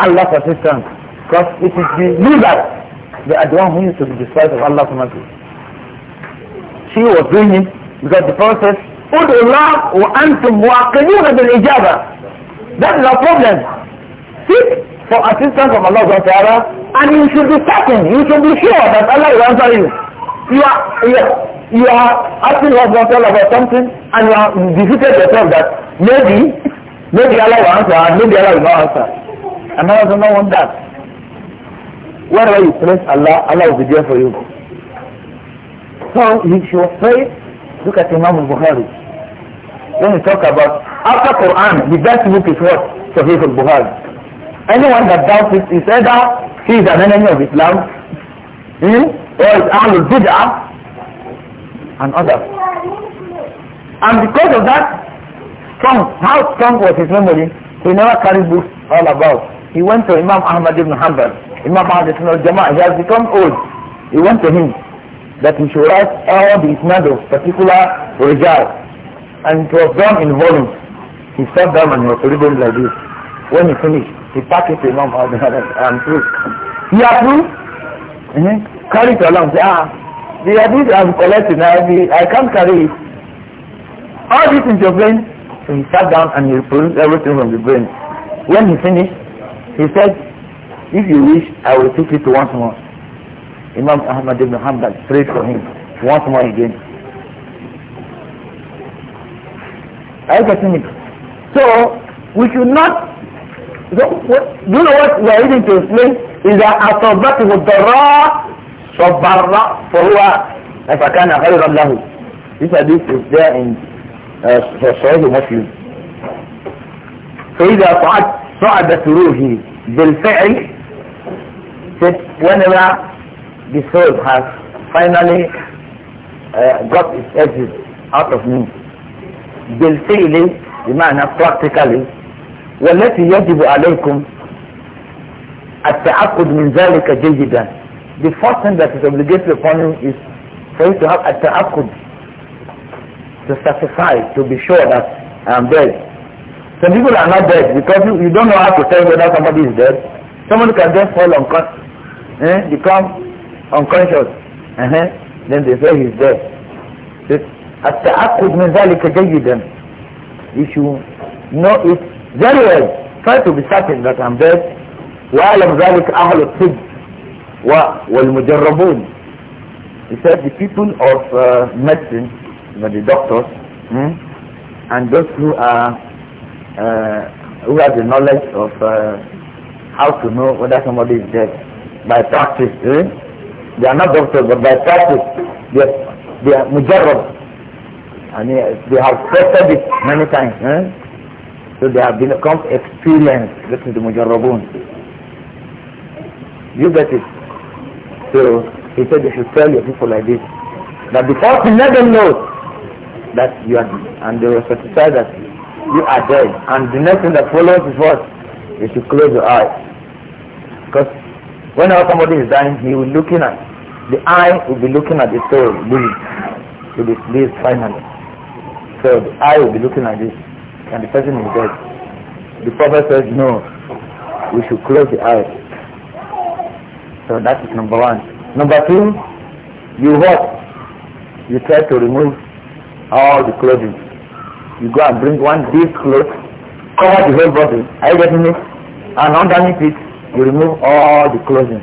Allah's assistance, because it is the leaders that are the one who used to be despised of Allah's mercy. She was doing it because the Prophet says, ادعوا الله وأنتم واقنون بالإجابة. That is our problem. See? for assistance from Allah subhanahu wa and you should be certain, you should be sure that Allah will answer you. You are, you are, you are asking Allah subhanahu about something and you have defeated yourself that maybe, maybe Allah will answer and maybe Allah will not answer. And Allah does not want that. Wherever you place Allah, Allah will be there for you. So you should pray, look at Imam Bukhari. When we talk about, after Quran, the best book is what? Sahih al-Bukhari. Anyone that doubts it is either he is an enemy of Islam hmm, or is Ahlul Bid'ah and others. And because of that, strong, how strong was his memory, he never carried books all about. He went to Imam Ahmad ibn Hanbal, Imam Ahmad ibn al-Jama'ah, he has become old. He went to him that he should write all the isnad of particular rijal. And it was done in volumes. He sat down and he was reading like this. When he finished, he packed it to Imam Ahmad and proof. He approved. Mm -hmm. Carry it along. Say, ah, the hadith I'm collecting, I, I can't carry it. All this in your brain. So he sat down and he removed everything from the brain. When he finished, he said, if you wish, I will take it once more. Imam Ahmad ibn Hanbal prayed for him once more again. Are you getting it? So, we should not So, what, do you know what we are reading to explain? إذا أصابته الضراء صبر فهو فكان خيرا له. This hadith is there in Sahih uh, Muslim. فإذا صعد صعدت روحي بالفعل said whenever the soul has finally uh, got its exit out of me بالفعل بمعنى practically والتي يجب عليكم التعقد من ذلك جيدا the first thing that is obligatory upon you is for you to have a to satisfy to be sure that I am dead some people are not dead because you, you don't know how to tell whether somebody is dead somebody can just fall unconscious eh, become unconscious uh -huh. then they say he's dead التعقد من ذلك جيدا if you know it very well. Try to be certain that I'm dead. وَأَلَمْ ذَلِكَ أَهْلُ الطِّبِّ وَالْمُجَرَّبُونَ He said the people of uh, medicine, you know, the doctors, hmm, and those who are uh, who have the knowledge of uh, how to know whether somebody is dead by practice. Eh? They are not doctors, but by practice, they are, they are mujarrab. And they have tested it many times. Eh? So they have become experienced. Listen to the Mujarrabun. You get it. So he said you should tell your people like this. That before you let them know that you are and they will satisfy that you are dead. And the next thing that follows is what? You should close your eyes. Because whenever somebody is dying, he will looking at the eye will be looking at the soul, this, Will be this finally. So the eye will be looking at this and the person is dead. The Prophet says, no, we should close the eyes. So that is number one. Number two, you what? You try to remove all the clothing. You go and bring one big cloth, cover the whole body. Are you getting it? And underneath it, you remove all the clothing.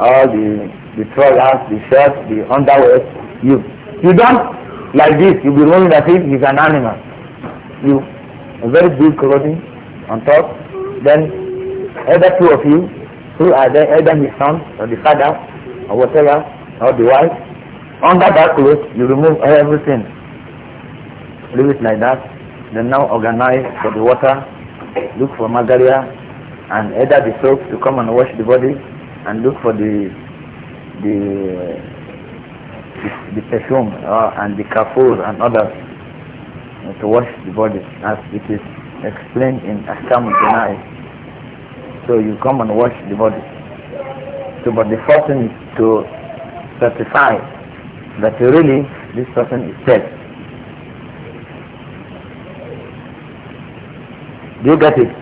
All the, the trousers, the shirts, the underwear. You, you don't like this. You'll be rolling as if he's an animal you a very big clothing on top, then either two of you, who are there, either the son or the father or whatever, or the wife, under that clothes you remove everything. Leave it like that. Then now organize for the water, look for margarita and either the soap to come and wash the body and look for the the the, the perfume uh, and the kafur and others to wash the body as it is explained in Ahkam Janai. So you come and wash the body. So but the person is to certify that really this person is dead. Do you get it?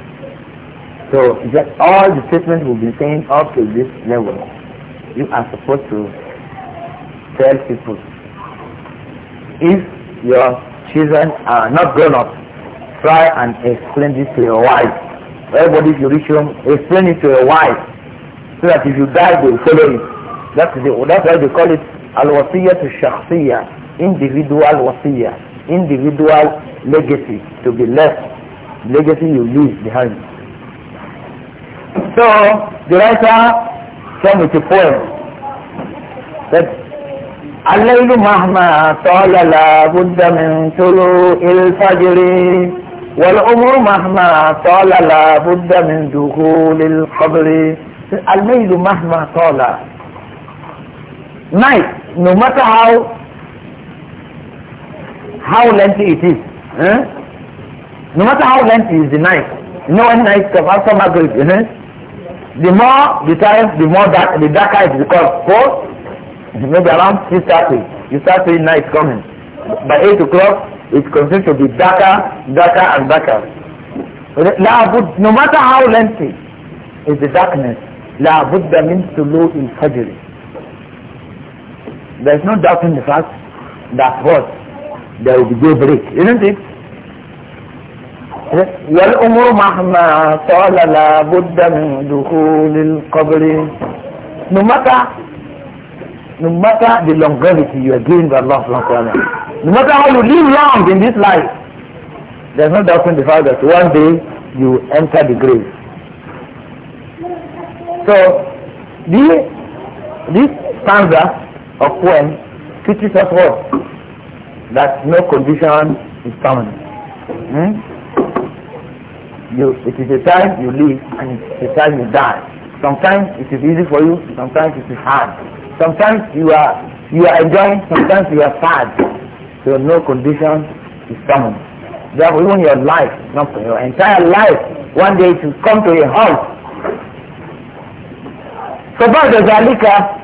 So that all the statements we've been saying up to this level, you are supposed to tell people if your children are not grown up. try and explain this to your wife. Everybody, if you reach home, explain it to your wife so that if you die, they will follow it. That's, the, that's why they call it al-wasiyya to shakhsiyya, individual wasiyya, individual legacy to be left, legacy you leave behind. So, the writer came with a poem that الليل مهما طال لا بد من طلوع الفجر والعمر مهما طال لا بد من دخول القبر الليل مهما طال night no matter how how lengthy it is eh? no matter how lengthy is the night you know when night come after Maghrib eh? the more the time the more dark the darker it becomes so maybe around 6.30. You start seeing night coming. By 8 o'clock, it continues to be darker, darker and darker. لابد, no matter how lengthy is the darkness, لابد بد من طلوع الفجر. There is no doubt in the fact that what? There will be daybreak, isn't it? والأمر مهما طال لا بد من دخول القبر. No matter no matter the longevity you are given by Allah subhanahu no matter how you live long in this life, there's no doubt in the fact that one day you enter the grave. So, this, this stanza of poem teaches us what? That no condition is permanent. Hmm? You, it is a time you live and it is a time you die. Sometimes it is easy for you, sometimes it is hard. Sometimes you are you are enjoying, sometimes you are sad. So no condition is common. Therefore, even your life, not your entire life, one day to come to a halt. So by the Zalika,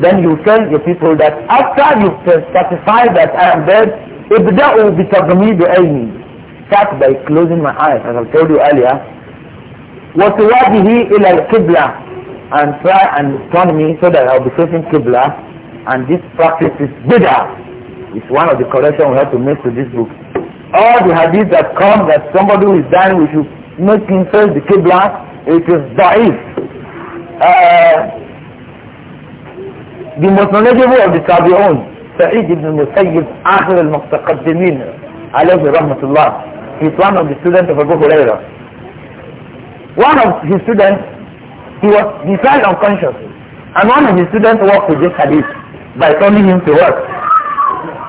then you tell your people that after you satisfy that I am dead, If that be ابدأوا the عيني start by closing my eyes as I told you earlier وتواجهي إلى القبلة and try and turn me so that I'll be facing Qibla and this practice is bigger. It's one of the corrections we have to make to this book. All the hadith that come that somebody who is dying, we should make him face the Qibla, it is da'if. Uh, the most knowledgeable of the Tabi'un, Sa'id ibn Musayyib, Akhir al-Muqtaqaddimin, alayhi rahmatullah. He's one of the students of Abu Hurairah. One of his students he was he unconsciously, unconscious. And one of his students worked with this hadith by telling him to work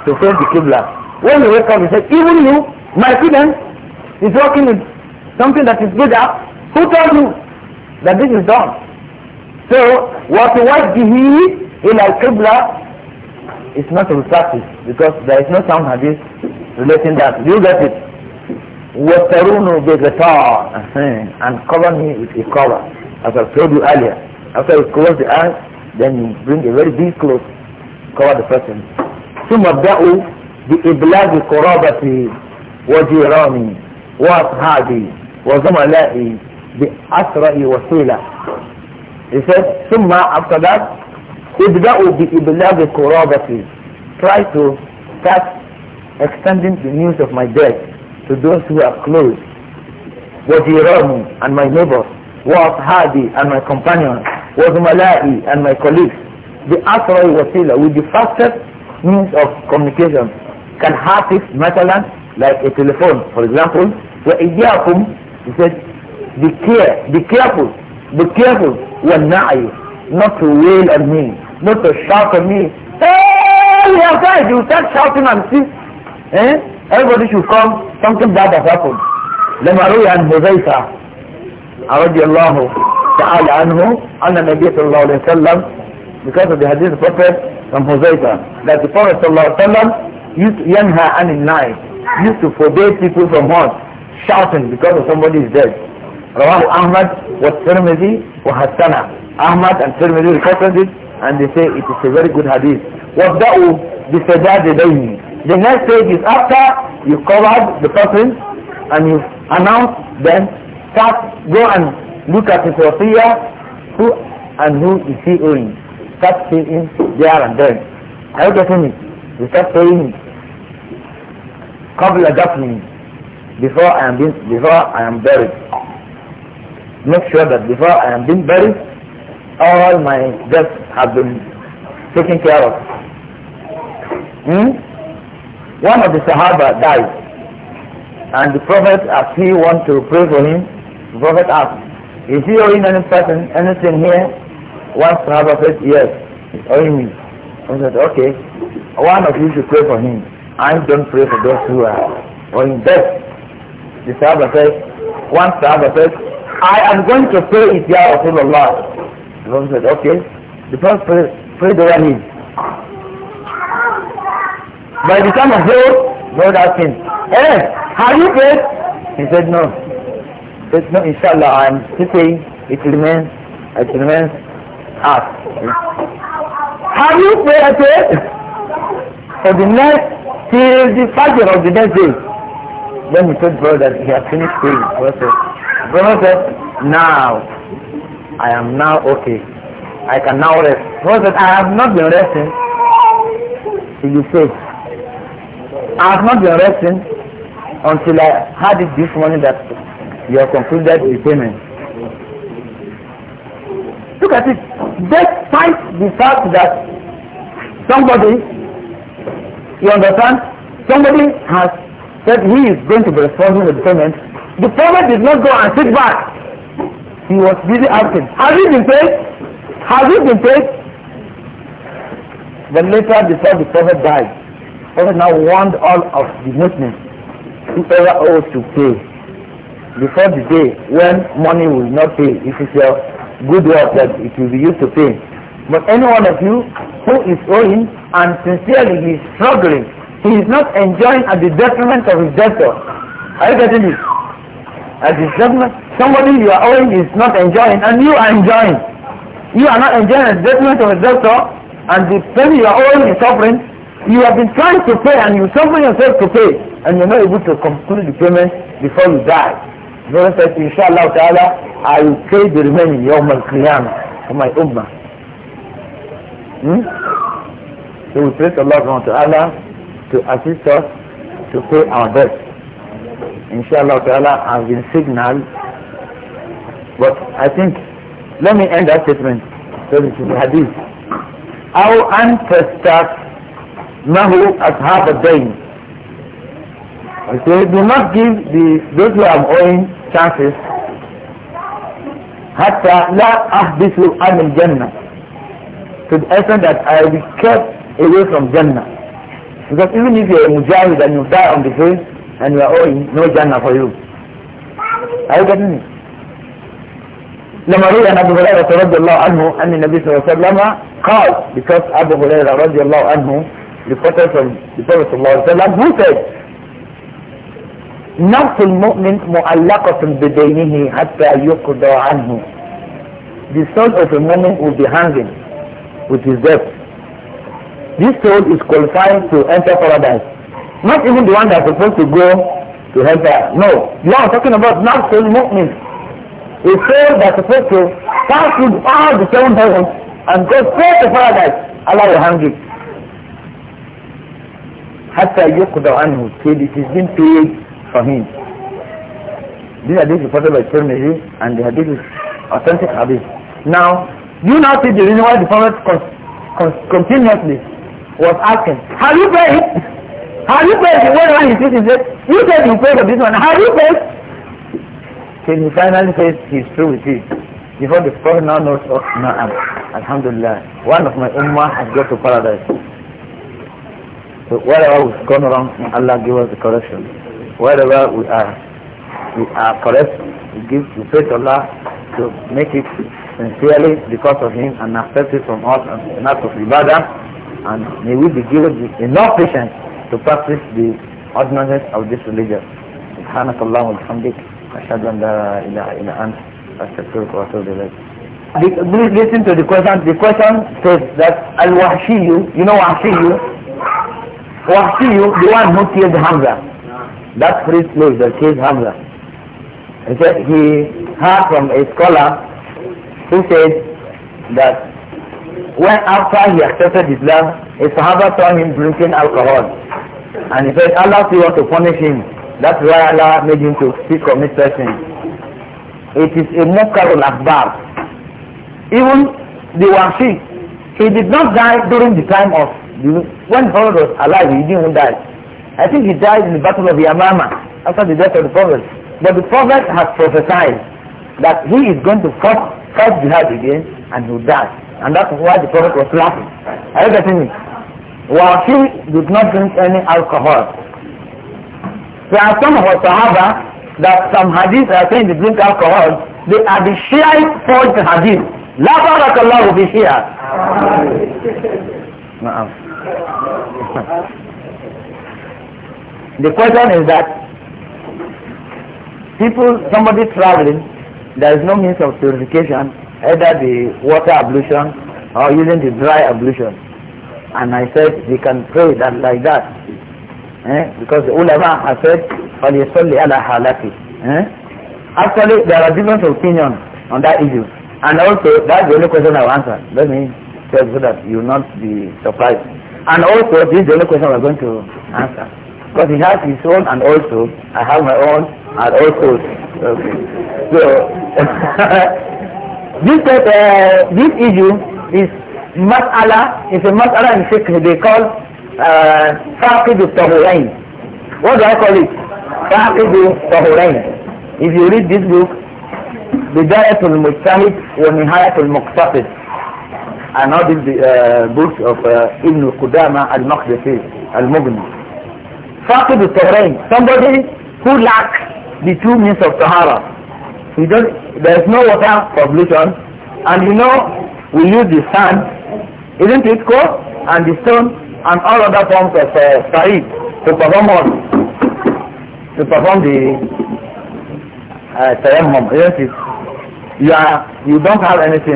To face the Qibla. When he woke up, he said, even you, my student, is working with something that is up Who told you that this is done? So, what was he in al الْقِبْلَةِ is not a practice because there is no sound hadith relating that. Do you get it? وَتَرُونُ بِغَطَاء and cover me with a cover as I told you earlier. After you close the eyes, then you bring a very big cloth, cover the person. ثم ابدأوا بإبلاغ قرابتي وجيراني وأصحابي وزملائي بأسرع وسيلة. He said, ثم after that, ابدأوا بإبلاغ قرابتي. Try to start extending the news of my death to those who are close. وجيراني and my neighbors. وأصحابي and my companions وزملائي and my colleagues the أسرع وسيلة with the fastest means of communication can this مثلا like a telephone for example وإياكم he said be care be careful be careful والنعي not to wail at me not to shout at me hey you have died you start shouting and see eh everybody should come something bad has happened لما روي عن رضي الله تعالى عنه أن النبي صلى الله عليه وسلم because of the hadith prophet from Huzaifa that the prophet صلى الله عليه وسلم used to yanha عن الناس used to forbid people from what shouting because of somebody is dead رواه أحمد والترمذي وحسنه أحمد and Tirmidhi reported it and they say it is a very good hadith وابدأوا بسجاد دين the next stage is after you covered the person and you announce then. Start, go and look at his Sophia, who and who is he owing. Start seeing there and then. Are you getting it? You start saying it. Couple of before I am being, before I am buried. Make sure that before I am being buried, all my debts have been taken care of. Hmm? One of the Sahaba died, and the Prophet, as he want to pray for him, the Prophet asked, is he or any person anything here? One Sahaba said, yes, it's only me. I said, okay, one of you should pray for him. I don't pray for those who are in death. The Sahaba said, one Sahaba said, I am going to pray it, Ya Rasulullah. The Prophet said, okay. The Prophet prayed, prayed over him. By the time of Zohar, God asked him, hey, eh, have you prayed? He said, no it's not. inshallah, I'm still it remains, it remains us. Have you prayed at it? For the next, till the Fajr of the next day. Then he told brother that he had finished praying. Brother brother said, now, I am now okay. I can now rest. Brother said, I have not been resting He you say. I have not been resting until I had it this morning that you have concluded the payment. Look at it. Despite the fact that somebody, you understand, somebody has said he is going to be responsible for the payment, the prophet did not go and sit back. He was busy asking, has it been paid? Has it been paid? But later before the prophet died, the prophet now warned all of the Muslims, whoever owes to pay before the day when money will not pay if it's your good work that it will be used to pay. But any one of you who is owing and sincerely he is struggling, he is not enjoying at the detriment of his debtor. Are you getting it? At the detriment, somebody you are owing is not enjoying and you are enjoying. You are not enjoying at the detriment of a debtor and the person you are owing is suffering. You have been trying to pay and you suffering yourself to pay and you're not able to complete the payment before you die. Prophet said, Inshallah ta'ala, I will pay the remaining Yawm al-Qiyamah for my Ummah. Hmm? So we pray to Allah subhanahu wa ta'ala to assist us to pay our debt. Inshallah Allah has been signal. But I think, let me end that statement. So this is the hadith. أو أن تستثمه أصحاب الدين Okay, do not give the those who are owing chances. la لا أحدث عن jannah, to the extent that I will be kept away from Jannah because even if you are a mujahid and you die on the field and you are owing no Jannah for you are you getting me? لما روي عن أبو هريرة رضي الله عنه أن النبي صلى الله عليه وسلم قال because أبو هريرة رضي الله عنه reported from the Prophet صلى الله عليه وسلم who said نفس المؤمن معلقة بدينه حتى يقضى عنه the soul of a moment will be hanging with his death. This soul is qualified to enter paradise. Not even the one that's supposed to go to hellfire. No. You are talking about not soul movement. A soul that's supposed to pass through all the seven heavens and go straight to paradise. Allah will hang it. حتى يقضى عنه till it is being paid for him. This hadith is reported by Tirmidhi and the hadith is authentic hadith. Now, you now see the reason why the Prophet continuously was asking, have you prayed? Have you prayed? When one he sees, he said, you said you prayed for this one, have you prayed? Till he finally says he's true with you. Before the Prophet now knows, oh, naam. Alhamdulillah, one of my ummah has got to paradise. So whatever was gone wrong, Allah give us the correction wherever we are, we are correct, we give, we pray to Allah to make it sincerely because of Him and accept it from us and not of ibadah. And may we be given enough patience to practice the ordinances of this religion. سبحانك اللهم وبحمدك أشهد أن لا إله إلا أنت أستغفرك وأتوب إليك. Please listen to the question. The question says that Al-Wahshiyu, you know Wahshiyu? Wahshiyu, the one who killed Hamza that priest knows that he is Hamza. He said he heard from a scholar who said that when after he accepted Islam, a Sahaba saw him drinking alcohol. And he said, Allah still want to punish him. That's why Allah made him to speak this person. It is a mukarul akbar. Even the Washi, he did not die during the time of, the, when Prophet was alive, he didn't die. I think he died in the battle of Yamama after the death of the Prophet. But the Prophet has prophesied that he is going to fight, fight jihad again and he will die. And that's why the Prophet was laughing. Are you getting me? While he did not drink any alcohol. There are some of us, Sahaba that some hadith are saying they drink alcohol. They are the Shiite forged hadith. لا بارك الله في شيعة. نعم. The question is that people, somebody traveling, there is no means of purification, either the water ablution or using the dry ablution. And I said we can pray that like that. Eh? Because the ulama has said, فَلْيَصَلِّ عَلَى حَالَتِ eh? Actually, there are different opinions on that issue. And also, that's the only question I've answered. Let me tell you so that you will not be surprised. And also, this is the only question we're going to answer. Because he has his own and also, I have my own and also. Okay. So, this, uh, this issue is mas'ala, it's a mas'ala in fiqh they call uh, faqid uh, tahurain. What do I call it? Faqid tahurain. If you read this book, بداية المجتهد ونهاية المقتصد and all these uh, book of uh, Ibn Qudama al-Maqdisi al-Mughni Fakid Tahrain, somebody who lacks the two means of Sahara. He don't. there is no water for pollution, and you know we use the sand, isn't it Cool and the stone, and all other forms of uh, Saeed to perform on To perform the uh, Tayammum, isn't it? You, are, you don't have anything.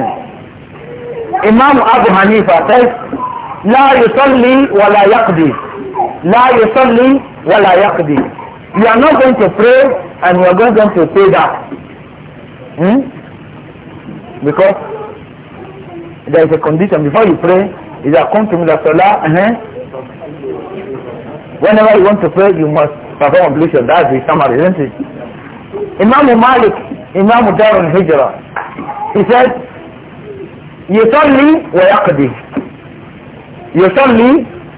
Imam Abu Hanifa says, لا يصلي ولا يقضي La yusalli wa la yaqdi. You are not going to pray and you are not going to pay that. Hmm? Because there is a condition before you pray is that come to me that salah uh -huh. whenever you want to pray you must perform ablution that's the summary isn't it Imam Malik Imam Dar al-Hijra he said يصلي ويقضي wa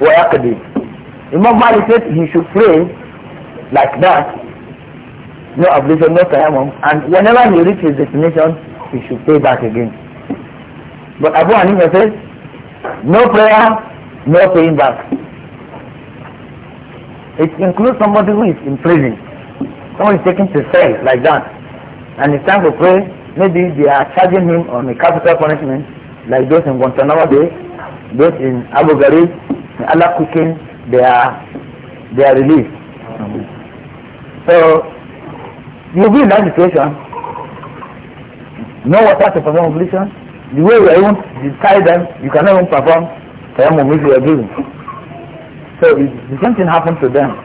ويقضي Imam Malik said he should pray like that, no ablution, no tayammum, and whenever he reaches his destination, he should pray back again. But Abu Hanifa says, no prayer, no paying back. It includes somebody who is in prison. somebody is taken to cell like that. And it's time to pray. Maybe they are charging him on a capital punishment like those in Guantanamo Bay, those in Abu Ghraib, Allah cooking they are they are released. So you be in that situation, no water to perform ablution. The way you even tie them, you cannot even perform tayammum if you are given. So the same thing happened to them.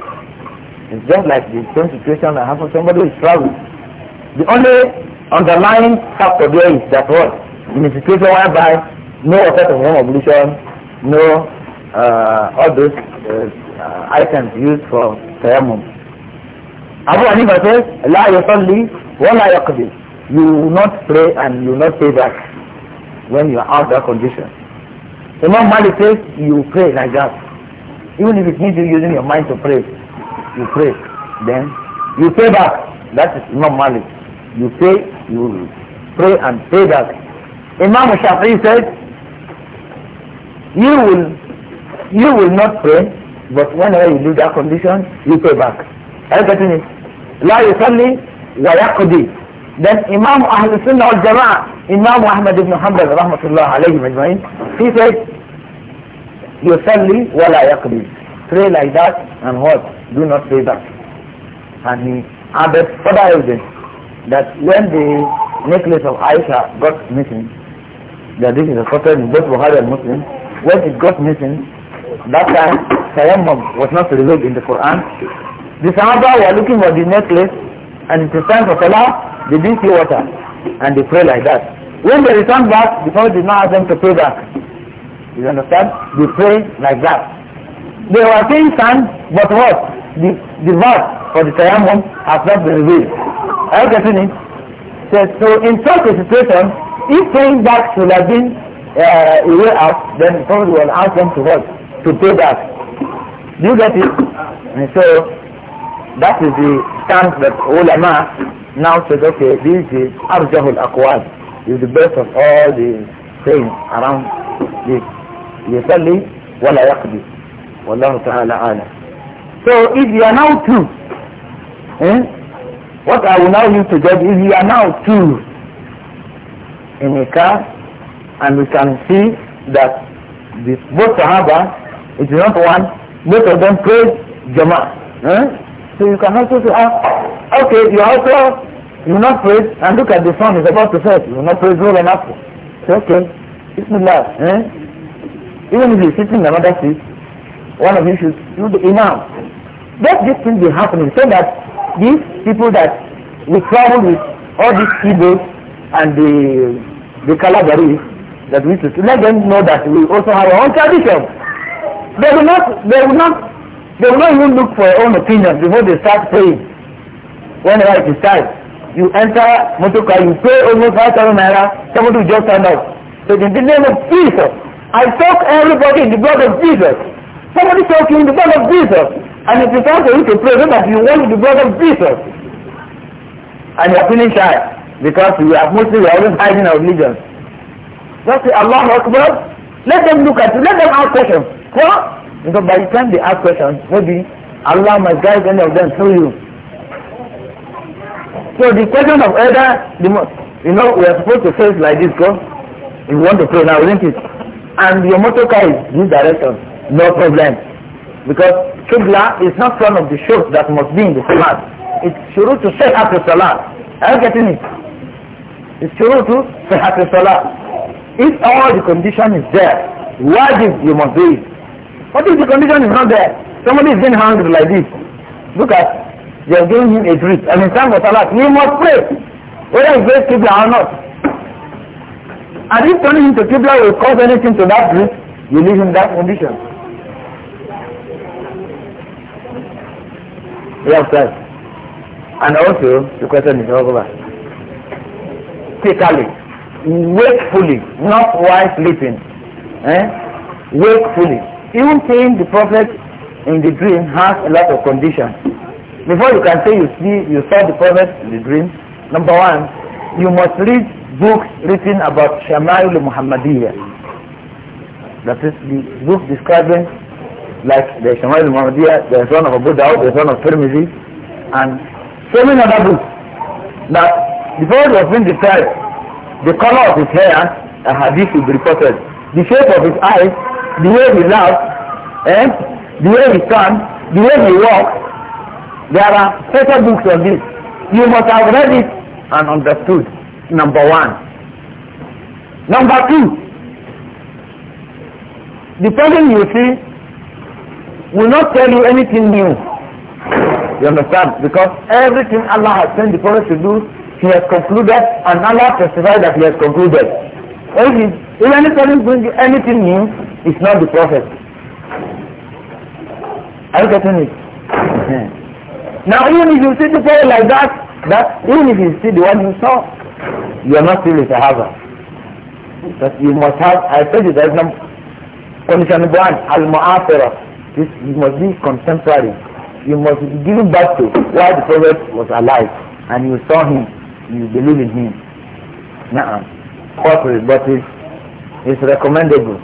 It's just like the same situation that happened to somebody is traveling. The only underlying factor there is that what? In a situation whereby no water to perform ablution, no uh, all those uh, items used for tayammum. Abu Hanifa says, لا يصلي ولا يقضي. You will not pray and you will not pay back when you are out that condition. Imam Malik says, you pray like that. Even if it means you using your mind to pray, you pray. Then you pay back. That is Imam Malik. You pay, you pray and pay back. Imam Shafi'i said, you will you will not pray, but whenever you do that condition, you pay back. Are you getting it? لا يصلي ويقضي. Then Imam Ahl Sunnah al Jama'ah, Imam Ahmad ibn Hanbal rahmatullah alayhi majma'in, he said, يصلي ولا يقضي. Pray like that and what? Do not pay back. And he added further evidence that when the necklace of Aisha got missing, that this is a reported in both Bukhari and Muslim, when it got missing, that time, tayammum was not revealed in the Quran. The Sahaba were looking for the necklace and it was time for Salah, they didn't see water and they pray like that. When they return back, the Prophet did not ask them to pray back. You understand? They pray like that. They were saying sand, but what? The, the verse for the tayammum has not been revealed. Are you getting it? So in such a situation, if praying back should have been uh, a way out, then the Prophet will ask them to what? to pay that, Do you get it? And so that is the stance that ulama now says, okay, this is Arjahul Aqwal, is the best of all the things around this. يصلي ولا يقضي والله تعالى أعلم. So if you are now true, eh, what I will now need to judge is you are now true in a car and we can see that the, both Sahaba it is not one. Both of them pray Jama. So you can also say, ah, okay, you also you not pray, and look at the sun is about to set. You not pray well enough. Okay, okay, not Eh? Even if you're sitting in another seat, one of you should do the imam. Let this thing be happening so that these people that we travel with, all these people and the the Kalabari that we should let them know that we also have our own tradition. They will not, they will not, they will not even look for your own opinion before they start praying. Whenever it is time, you enter motorcar, you pay almost 5,000 naira, somebody will just stand up. So in the name of Jesus, I talk everybody in the blood of Jesus. Somebody talk in the blood of Jesus. And if you start you to pray, remember you want the blood of Jesus. And you are feeling shy because you are mostly we are always hiding our religion. Just say Allah Akbar. Let them look at you. Let them ask questions. Because by the time they ask questions, maybe Allah must guide any of them through you. So the question of whether, you know, we are supposed to face like this, go. you want to pray now, isn't it? And your motor car is this direction, no problem. Because Qibla is not one of the shows that must be in the Salat. It's shuru to say after Salat. Are you getting it? It's shuru to say after Salat. If all the condition is there, why did you must do it? What if the condition is not there? Somebody is being hungry like this. Look at, they are giving him a treat. And in time of Salah, you must pray. Whether he prays Qibla or not. And if turning him to Qibla will cause anything to that drink? you leave him that condition. Yes, sir. And also, the question is over. Quickly, wakefully, not while sleeping. Eh? Wakefully even seeing the prophet in the dream has a lot of conditions. Before you can say you see you saw the prophet in the dream, number one, you must read books written about Shama'il Muhammadiyya. That is the book describing like the Shama'il Muhammadiyya, the son of Abu Dawud, the son of Tirmidhi, and so many other books that before it was being described. The color of his hair, a hadith is reported. The shape of his eyes, the way we laugh, eh? the way we stand, the way we walk. There are special books on this. You must have read it and understood, number one. Number two, the person you see will not tell you anything new. You understand? Because everything Allah has sent the Prophet to do, he has concluded and Allah testified that he has concluded. If, he, if anything brings you anything new, It's not the prophet. Are you getting it? now even if you see the prophet like that, that even if you see the one you saw, you are not still a Sahaba. But you must have, I tell you there's no condition one, al-mu'afira. You must be contemporary. You must be back to why the prophet was alive and you saw him, you believe in him. Nah, corporate, but it's recommendable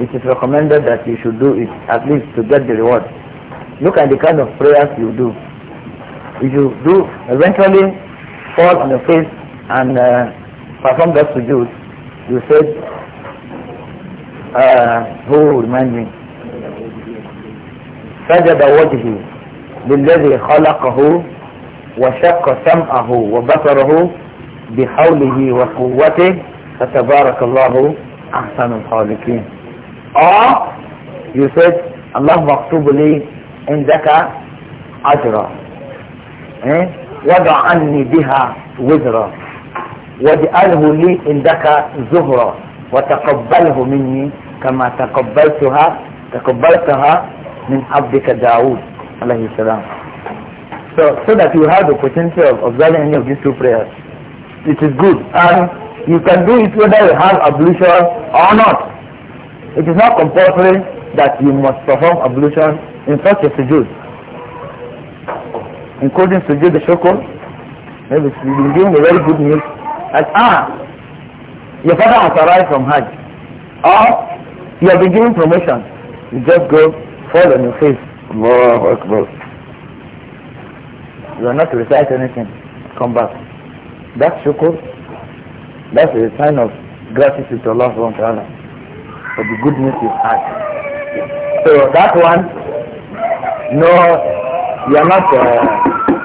it is recommended that you should do it at least to get the reward. Look at the kind of prayers you do. If you do eventually fall on your face and uh, perform that sujood, you said, uh, who remind me? سجد وجهي للذي خلقه وشق سمعه وبصره بحوله وقوته فتبارك الله أحسن الخالقين or you said, Allah in indaka ajra. Eh? Wada anni biha wizra. واجعله لي عندك wa وتقبله minni kama تقبلتها تقبلتها min abdika Daud عليه salam. so, so that you have the potential of observing any of these two prayers it is good and you can do it whether you have ablution or not it is not compulsory that you must perform ablution in such a sujood, including sujood shukr. Maybe you've been giving a very good news. As ah, your father has arrived from Hajj, or you have been given promotion. You just go fall on your face. Allahu Akbar. You are not to recite anything. Come back. That's shukr. That's a sign of gratitude to Allah subhanahu wa ta'ala but the good news is hard. So that one, no, you are not uh,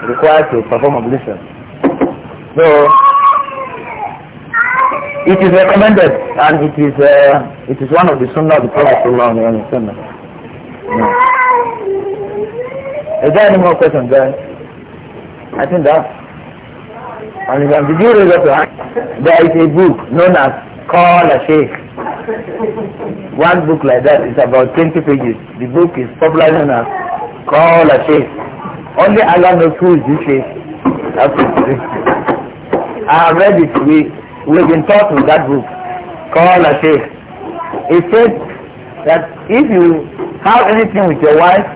required to perform ablution. So it is recommended and it is uh, it is one of the sunnah of the Prophet sallallahu alaihi wasallam. Is there any more questions guys? I think that. And did you read up to There is a book known as Call a sheikh. One book like that is about 20 pages. The book is popular known as Call a Sheikh. Only Allah knows who is this sheikh. That's it. I read it. We, we've been taught with that book. Call a sheikh. It says that if you have anything with your wife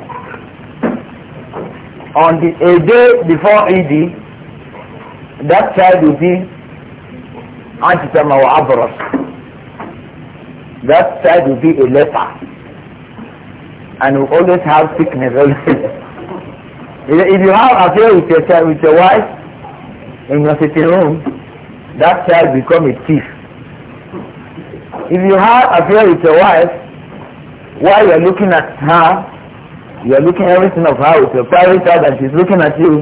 on the a day before Eid, that child will be أجزم وأبرص that side will be a leper and will always have sickness if you have affair with your child, with your wife in your sitting room that child become a thief if you have affair with your wife while you're looking at her you're looking everything of her with your private child and she's looking at you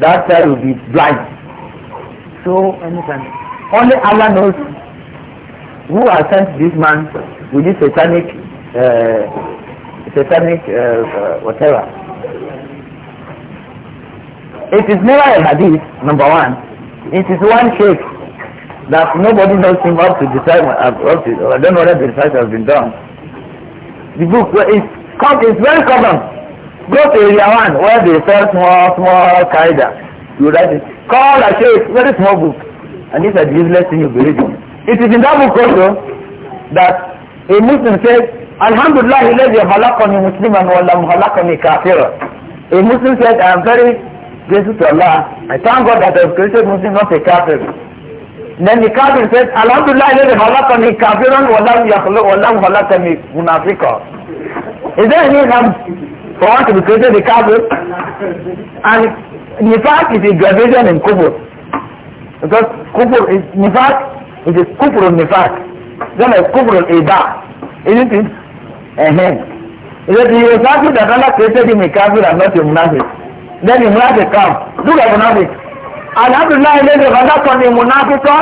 that child will be blind so anytime Only Allah knows who has sent this man with this satanic, uh, satanic uh, uh whatever. It is never a hadith, number one. It is one shape that nobody knows him up to the time, up to, I don't know whether the research has been done. The book is, it's very common. Go to area one where they sell small, small kaida. You write it. Call a shape, very small book. And this is the useless thing you believe in. It is in that book also that a Muslim says, Alhamdulillah, he left الذي خلقني مسلما ولم خلقني kafir." A Muslim says, I am very grateful to Allah. I thank God that I have created Muslim, not a kafir. Then the kafir says, Alhamdulillah, he الذي خلقني كافرا ولم يخلق ولم خلقني منافقا. Is there any harm for one to be created a kafir? And in fact, it is gravitation in kubur because kufur is nifaq it is kufur of nifaq then like kufur of ida isn't it uh-huh. it is the exactly that Allah created him a kafir and not the munafiq then the munafiq come look at munafiq alhamdulillah ilẹ̀ the ni munafiqọ́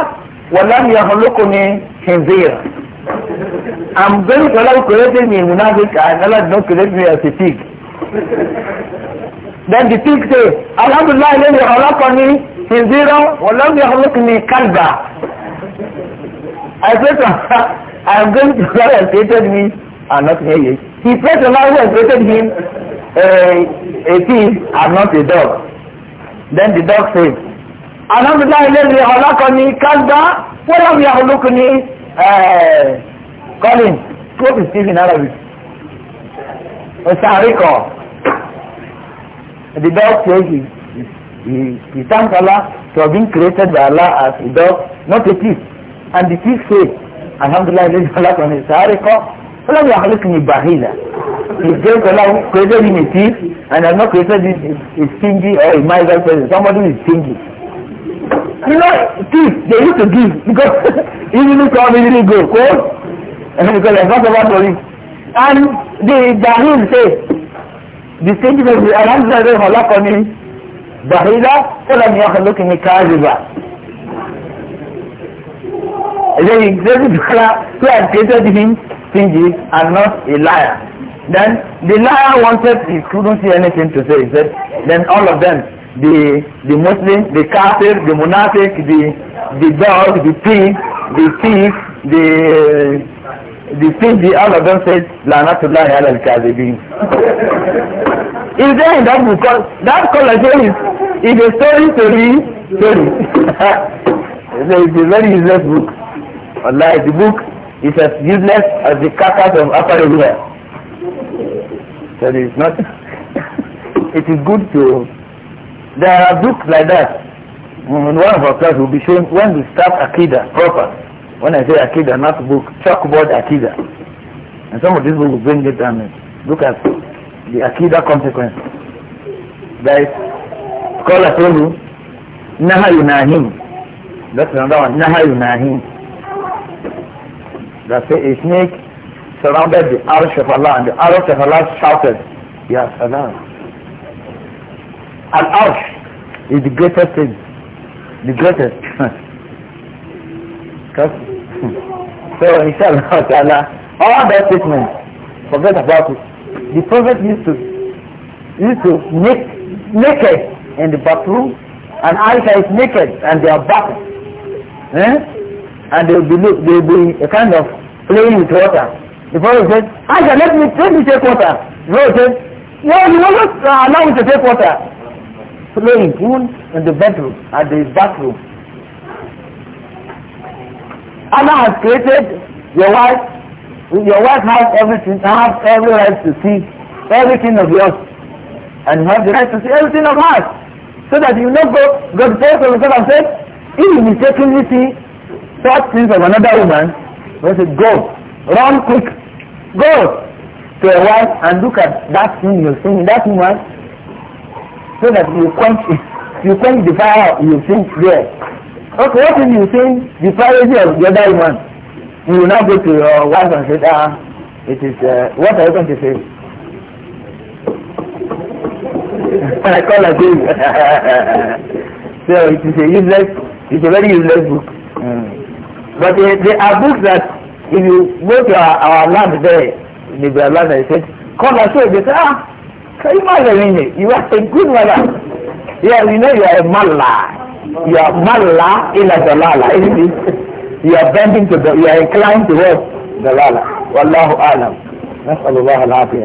wọ̀lẹ́m yahulukuni hinzir i'm very glad you created me munafiq and Allah did not create me as a pig Then the pig sixth day, Alhamdulillah, Lady Halakani, Hinzira, Walam Yahalakani Kalba. I said, I am going to God and created me, I'm not here yet. He prayed to Allah who has created him uh, a thief and not a dog. Then the dog said, Alhamdulillah, Lady Halakani Kalba, Walam Yahalakani uh, eh, Colin. What is Arabic? in Arabic? Osariko the dog says he, he, he thanks Allah for being created by Allah as a dog, not a thief. And the thief says, Alhamdulillah, this Allah on his harika, فلم me بخيلا. He says Allah created him a thief and I'm not created him a stingy or a miser person, somebody who is stingy. You know, thief, they used to give because even if come, even if go, cold, and because there's what about to And the Jahil says, the same thing with alamza of hàn lákọni dàhílá kọ́lá ni ọkàn lókè ní káàzìbà eléyìí lórí dùkúrá who had created him stingy and not a liar then the liar wanted he couldn't see anything to say he said then all of them the the muslim the kafir the Monastic, the the dog the pig the thief the. Uh, the the all of them said, Lanatullahi ala al-Kazibin. is there in that book? That collection is, is a story to read, story. it's a very useless book. Allah, the book is as useless as the carcass of Upper parrot. So it's not, it is good to, there are books like that. One of our class will be shown when we start Akida proper. When I say Akida, not book, chalkboard Akida. And some of these books bring it down. Look at the Akida consequence. Guys, call a you, Naha Yunahim. That's another one, Naha Yunahim. That say a snake surrounded the arch of Allah and the arch of Allah shouted, Ya Salam. An arsh is the greatest thing. The greatest. So inshallah ta'ala, all that statement, forget about it. The prophet used to used to make naked in the bathroom and Aisha is naked and they are bathing. Eh? And they will be look, they will be a kind of playing with water. The prophet said, Aisha, let me let me take water. The prophet said, No, you will not uh, allow me to take water. Playing pool in the bedroom, at the bathroom. Allah has created your wife. Your wife has everything, I have every right to see everything of yours. And you have the right to see everything of us. So that you not go, God says to himself and said, if you mistakenly see such things of another woman, I said, go, run quick, go to your wife and look at that thing you're seeing, that woman, so that you quench, you quench the fire You seen there. Okay, what if you think the privacy of the other woman? You will now go to your wife and say, ah, it is, uh, what are you going to say? I call her again. so it is a useless, it's a very useless book. Mm. But uh, there are books that if you go to our, our land there, in the land, and say, Call and say, they say, ah, you are a good mother. Yeah, we know you are a man, lah. you are malla ila dalala is You are bending to the, you are inclined towards dalala. Wallahu alam. نسأل الله العافية